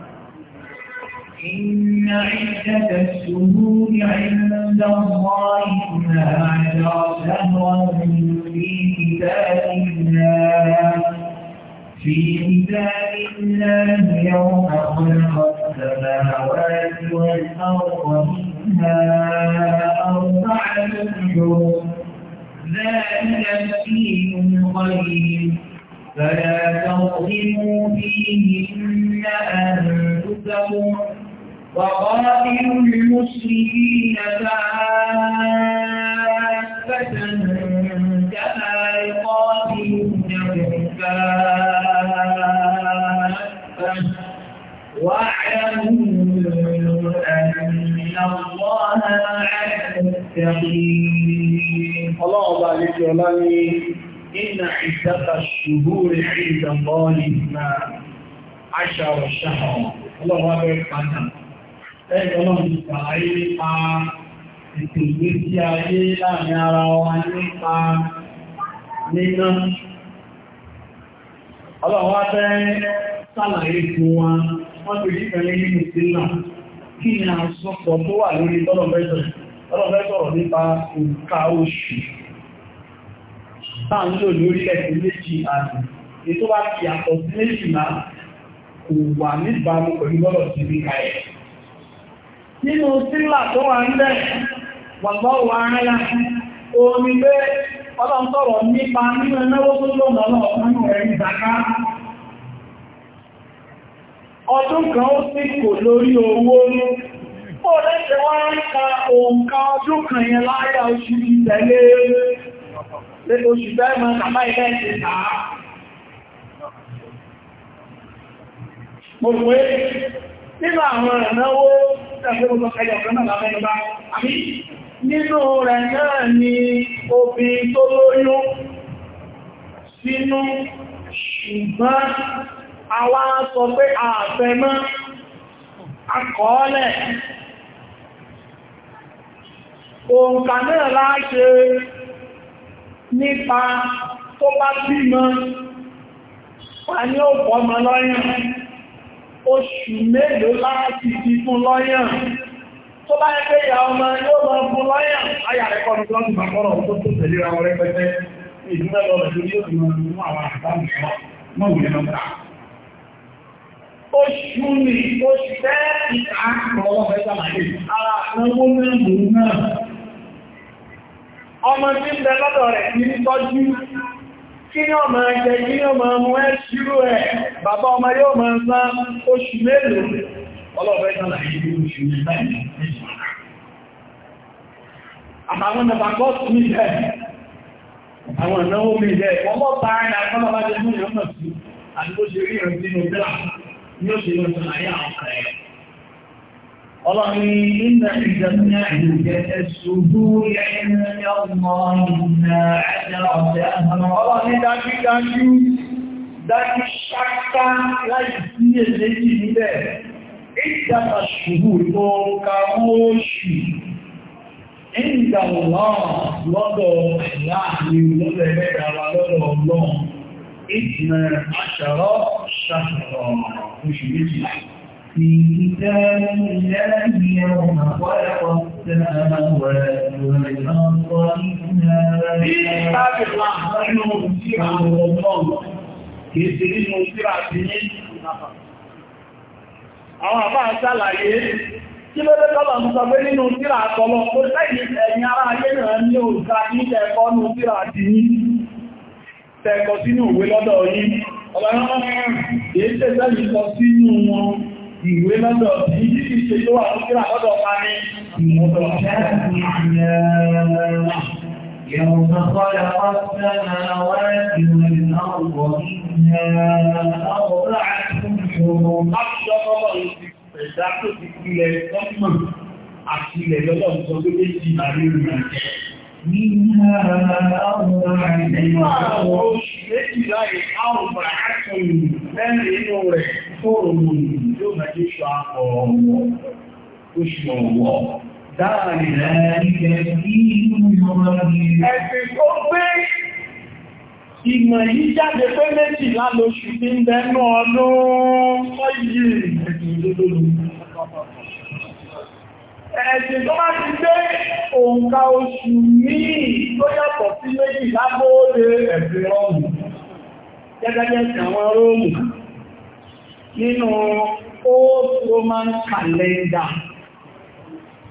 إن عدة الشهور عند الله إنها عشر شهرا في كتاب الله في كتاب الله يوم خلق السماوات والأرض منها أربعة شهور وقاتلوا المشركين كافة كما يقاتلونكم كافة واعلموا أن الله مع المتقين اللهم عليك ولاني إن عدة الشهور عند الله اثنا عشر شهرا الله أكبر ẹ̀yọ́ lọ́nà nípa ayé nípa ètò ìgbésí ayé láàrin ara wa nípa níná. Ọlọ́wọ́ fẹ́ sàlàyé fún wa, wọ́n tó yí pẹ̀lú nínú sílà kí ni a sọ́pọ̀ tó wà lórí tọ́lọ̀fẹ́sọ̀rọ̀ nípa òǹkà oṣù. Táà ń lò ètò nínú sílà tó wà ń bẹ́ wàlọ́wọ́ arẹ́lá omi pé ọlọ́ntọ̀rọ̀ nípa nínú ẹnáwó tó lọ́nà ọ̀pọ̀ ẹ̀rin ìdàká ọdún kan ó sì kò lórí owó ó lẹ́sẹ̀ ń ka òǹkà ọdún kan yẹn láyá oṣù oṣù bẹ́ẹ̀mọ́ nínú àwọn ìrànlọ́wọ́ tẹ́gbẹ́gbọ́ ẹyọ̀kan náà lámẹ́nubá àbí nínú rẹ̀ náà ni obì tó lóyún sínú ṣùgbọ́n àwa sọ pé àfẹ́ mọ́ akọọ́lẹ̀ òǹkà náà láṣe nípa tó bá bímọ wà ní òpó ọmọ lọ́yìn oṣù mélòó láti ti fún lọ́yàn tó bá ẹgbẹ́ ìyá ọmọ yóò lọ fún lọ́yàn ayà rẹ̀kọ́ ní láti bá kọ́rọ̀ tó tó tẹ̀lé ra wọn rẹpẹtẹ ìdúnmẹ́ lọ rẹ̀ lórí òṣù mọ́ àwọn àgbàmù mọ́ òwúrẹ́ lọ́ta oṣù ni oṣù tẹ́ ìta ọlọ́fẹ́ sàlàyé ara àtàwọn mẹ́rin náà ọmọ tí ń bẹ lọ́dọ̀ rẹ̀ kì í tọ́jú kí ni ọmọ ẹgbẹ́ kí ni ọmọ ọmọ ẹ ṣírò ẹ̀ bàbá ọmọ yóò mọ̀ sán oṣù mélòó ọlọ́pẹ́ sọ́nà ìlú oṣù mẹ́ta àtàwọn nàbàkọ́ sí ilẹ̀ àwọn ìnáwó mi ilẹ̀ wọ́n mọ́ tààrin àkọ́lọ́bá jẹ́ mú ìyọ́mọ̀ sí àti bó ṣe rí ìrìn sínú bílà ní ó ṣe lọ sọ́nà yà ọ̀kẹ́ رأينا عزمنا عزة السجود عند الله إنا عشرة أهرا رأي dájú dájú dájú ṣáká láì sí èléjì níbẹ̀ ìdáta ṣùgbù tó ká mọ́ṣù ìgbà ọlọ́run lọ́dọ̀ láàrin lọ́dọ̀ ẹgbẹ̀rẹ̀ wa lọ́dọ̀ ọlọ́run ìtìmẹ̀ àṣàrọ̀ ṣàṣàrọ̀ oṣù méjìlá في كتاب الله يوم خلق السماوات والأرض منها في كتاب àwọn àbá àṣàlàyé tí lórí tọ́lọ̀ ń sọ pé nínú tíra àtọ́lọ̀ kó sẹ́yìn ẹ̀yìn ará ayé náà ní òǹkà ní ẹ̀kọ́ ní tíra àti ní tẹ́ẹ̀kọ́ sínú ìwé lọ́dọ̀ yìí ọ̀lọ́rọ̀ ìwé lọ́dọ̀ tí yìí ti kílẹ̀ ọmọ àti ilẹ̀ lọ́dọ̀ ìsọ́gbé méjì àrí ìrìnàjẹ́. منها أربع أشهر ذلك الدين الرجيم Ìmọ̀ yìí jáde pé méjìlá lóṣù tí ń bẹnu ọdún ọyí ẹ̀sìn lódòdó ẹ̀sìn tó bá ti gbé òǹkà oṣù míì tó yàtọ̀ sí méjì lábóòdé ẹ̀sìn rọ́mù gẹ́gẹ́gẹ́ sí àwọn rómù nínú old roman calendar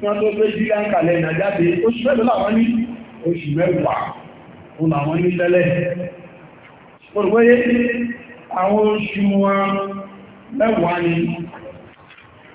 wọ́n tó gbé julian calendar jáde oṣù mẹ́lú làwọn ní oṣù mẹ́wàá fún làwọn ní tẹ́lẹ̀ Orúgbóyé, àwọn oṣù wọn mẹ́wàá ni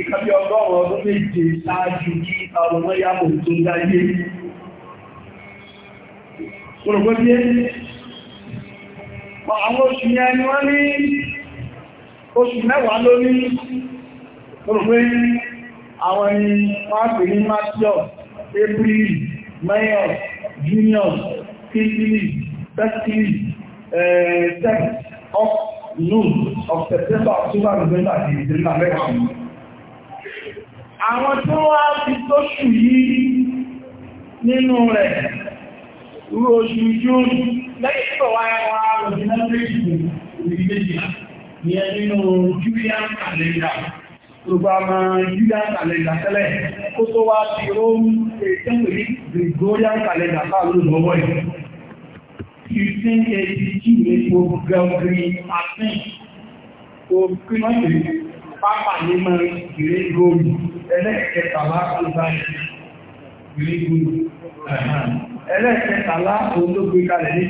ìkàbí ọgọ́rùn ọdún méje sáájú kí àrùnmọ́yàmù tó dáyé. Olùgbọ́dé, àwọn oṣù yẹn ni wọ́n ní oṣù mẹ́wàá lórí olùgbé àwọn ni wọ́n pè ní Matthew, April, Mayor, Junior, Kingsley, Bexley, Sex, Up, Noon, of September, October, November, December, February àwọn tó wá fi tó ṣù yìí nínú rẹ̀ rú oṣù jún lẹ́yìn tó wá ẹwà rọ̀dínlẹ́gbẹ̀rẹ̀ Gbogbo àmà Julian calendar tẹ́lẹ̀, kó tó wá ti Rome Ṣẹ́gbẹ̀rí Gregorian calendar fáwọn olùgbọ́wọ́ ẹ̀. 1582 ní gbogbo Gregory Martin, kò kí máa ń pápá ní mọ́ ìrè góòlù ẹlẹ́ẹ̀kẹtàlá olùbáyé ìrè góòlù ẹlẹ́ẹ̀kẹtàlá olóògbé kalẹ̀ ní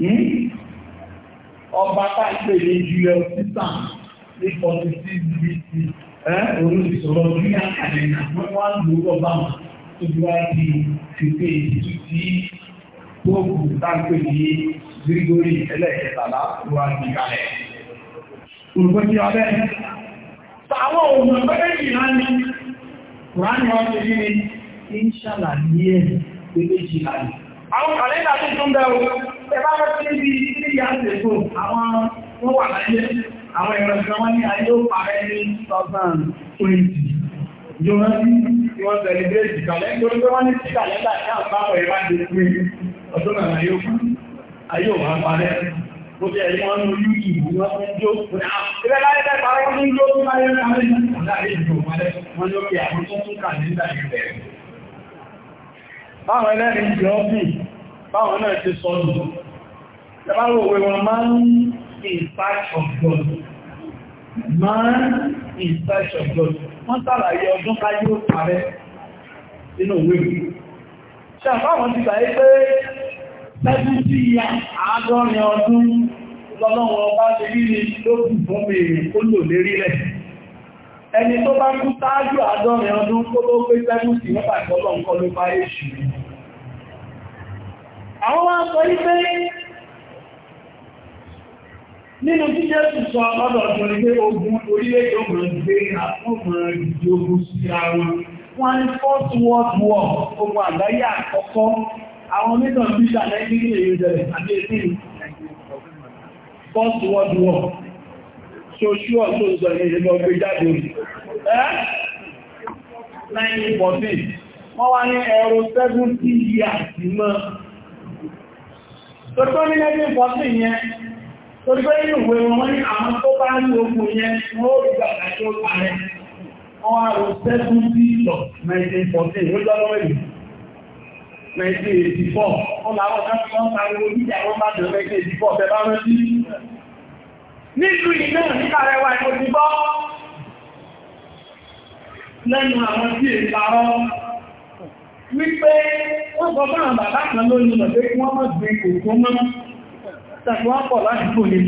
15 hmm? ọba táìpẹ̀ ní julius caesar ní 46 BC òun ìṣòro júlíà kàlẹ́nà wọ́n wá lórúkọ báwọn tó bí wá di fìpé ìtú tí tóògùn táìpẹ̀ ní gírígórì ẹlẹ́ẹ̀kẹtàlá olùwájú kalẹ̀ olùgbọ́sí ọbẹ̀. Àwọn òun ọ̀gbẹ́rẹ́ ìrìnàní, Kùránì wọ́n ti rí ní ṣàlà ní ẹ̀ pẹ̀lẹ́ ìjìlàní. Àwọn kàlẹ́dà tó tún bẹ́ o, ẹbá rẹ̀ tí bí ilé ìyá ṣe tó àwọn wọ́n wà láyé, àwọn ẹ̀rọ kan wọ́n ní ayé ó parẹ́ ní 2020. Yóò rántí tí wọ́n tẹ̀lé bí èjì kàlẹ́ torí pé wọ́n ní sí kàlẹ́dà náà bá wọ̀ ẹ̀rọ Mo jẹ́ ẹ̀rí wọn ní YouTube wọ́n fún jó. Ilé láyé tẹ́ta wọ́n ní jó tó láyé láyé láyé ìjọ wọlé. Wọ́n ló fi àwọn tó tún kà nígbà ìbẹ̀. Báwọn ẹlẹ́rìí jọ bì, báwọn náà ti sọ lù. Ìjọba òwe wọn máa ń in search of God. Man in search of God. Wọ́n sàlàyé ọdún káyé ó parẹ́ nínú òwe. Ṣé àbáwọn ti gbà pé Sẹ́fíntì àádọ́rin ọdún lọ́lọ́wọ́ ọba ṣe rírí lókù fún mèrè ó lò lérí rẹ̀. Ẹni tó bá kú sáájú àádọ́rin ọdún kó tó pé sẹ́fíntì sí ara Wọ́n ní First ogun àgbáyé àkọ́kọ́ àwọn mẹ́tàn bíṣà nàìjíríà yóò jẹ́ àti ètí first world war so sure so sọ ní ìlú ọgbẹ́ jáde ẹ́ 1914 wọ́n wá ní ẹ̀rọ 70 years mọ́ tó tó ní 1914 yẹn tó tó ní ìwé wọn ní àwọn tó bá ní ogun yẹn wọ́n ó gbà àjọ́ parẹ́ wọ́n wá rọ 70 lọ 1914 ló jọ́ lọ́wọ́ ìlú 1984 wọ́n làwọn kan tí wọ́n parí orí ìyàwó bá jẹ́ 1984 bẹ̀bá rántí nílùú iná nípa rẹwà ìmò ti bọ́ lẹ́nu àwọn tí è parọ́ wípé wọ́n sọ fún àwọn bàbá kan lórí lọ pé wọ́n mọ̀ sí kòkó mọ́ tàbí wọ́n pọ̀ láti kò ní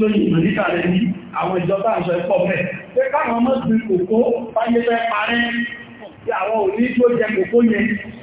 lórí ìmọ̀ nípa rẹ̀ ní àwọn ìjọba àṣọ ẹ̀kọ́ bẹ̀ pé káwọn mọ̀ sí kòkó báyé fẹ́ parẹ́ tí àwọn òní tó jẹ kòkó yẹn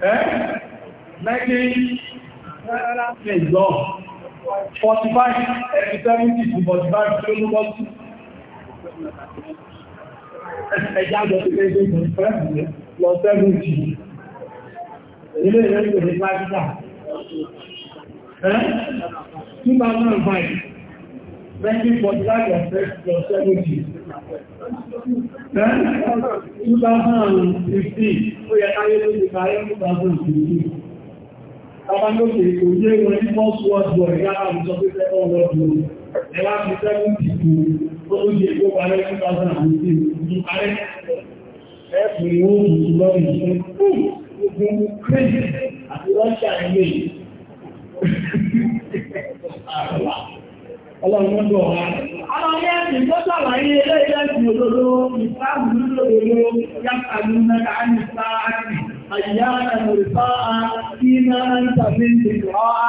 ẹ́ 19 lọ 45 ẹ̀kì 70 to 45 tí ó ló bọ́ sí ẹjá jọ sí ẹgbẹ́ ìgbẹ̀rẹ̀ lọ 70 ilé ìrẹ́lẹ̀ ìgbẹ̀rẹ̀ 5 ẹ́ 2005 Many for that affect your 70. Then, 2015, ó yẹ káyé ló ti káyé 2015. Abájọ́sẹ̀ ètò yé wọn ní First World War ní àbúsọ pé Second World War. Ẹwà ti 70 tó ó yẹ kó parẹ́ 2015 ní parẹ́. Ẹ̀fùn ni ó mú lọ́rùn fún ogun Ukraine àti Russia ilé. Àrùwà ọlọ́run mọ́ lọ wá. Àwọn ọmọ ẹ̀sìn tó sàlàyé ilé ìlẹ́sìn òdodo ìsáàbù lódodo yàtàlú mẹ́ta ní sáàtì. Àyíyára ìrìsọ́ a kí náà ń tàbí ìdìkọ́ a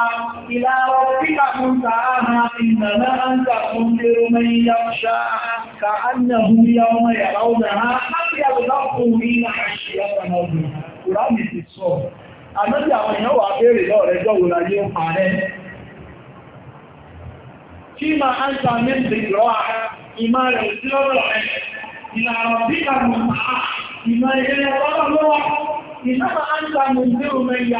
ìlà ọ̀píkà fún sàáhà ìdàmẹ́ ń tàbí ìrò mẹ́rin yàṣá ka annahu yawma yarawnaha lam yalqahu min ashiyatan ọdún. Kùránì ti sọ. Àmọ́bí àwọn èèyàn wà bèèrè lọ́rẹ̀ jọ́wọ́ láyé ń parẹ́. فيما أنت من ذكرها إما يسير إلى ربك المسعى إما يرى الله إنما أنت منذر من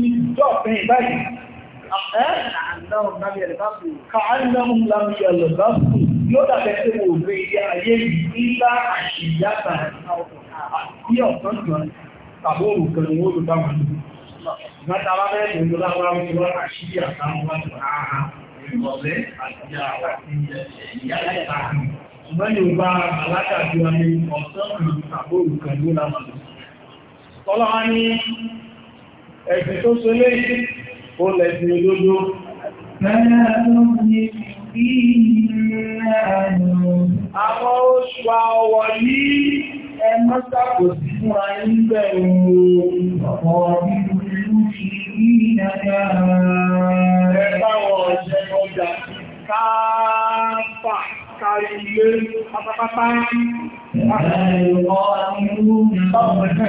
ni Kàánàmù lámìyà lọ́gbàfù yóò dàbẹ̀ tí mo rí ilé ayé ìlà àṣìyàtà àti ọ̀tọ́ ìgbọ̀n tàbí òrùkan ni ó lò dáwọn ìlú. Mẹ́ta bá mẹ́rin ló lágbára wọ́n lọ àṣíyà táwọn wá tó ààrùn ìrọ̀lẹ́ àti àwọn àti ìyá ẹ̀ta. Ṣùgbọ́n ni ó bá alákàjú ó lẹ́sìn olódó. Àwọn oṣù àwọ̀ ní ẹmọ́ sàkò sí fún ayé ń bẹ̀rù ọ̀pọ̀ ìlú fi rí nàdá. Ẹgbàwọ̀ ọ̀ṣẹ́ ọjà káàpà kárí ilé pátápátá. Ẹgbàwọ̀ ọ̀ṣẹ́ ọjà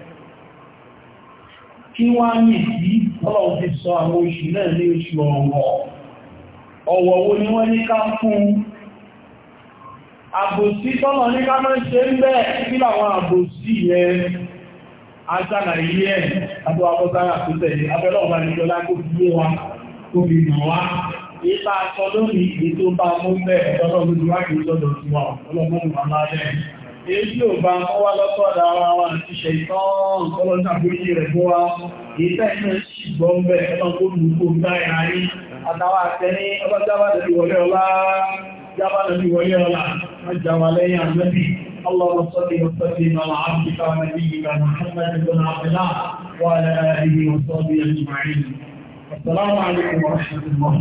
tí wọ́n á yìn sí ọlọ́run ti sọ àwọn oṣù náà ní oṣù ọ̀wọ̀ ọ̀wọ̀ ni wọ́n ní ká fún àbòsí tọ́lọ̀ ní ká mọ́ ṣe ń bẹ́ kí àbòsí yẹ ajára ilé ẹ̀ àbọ̀ abọ́sára tó tẹ̀lé abẹ́lọ́ èyí ò bá mọ́ wá lọ́tọ́dà ara wa àti ṣẹ̀tàn ọlọ́sàbóyí rẹ̀ fún wa ìta iná ṣìgbọ́n bẹ̀ ọlọ́gbọ́lùkú táyà rí àtàwà àtẹ́ní ọlọ́jábádàbí wọlé ọlá jábádàbí wọlé ọlá májáwà lẹ́yìn àmẹ́bí اللهم صل وسلم على عبدك ونبيك محمد بن عبد الله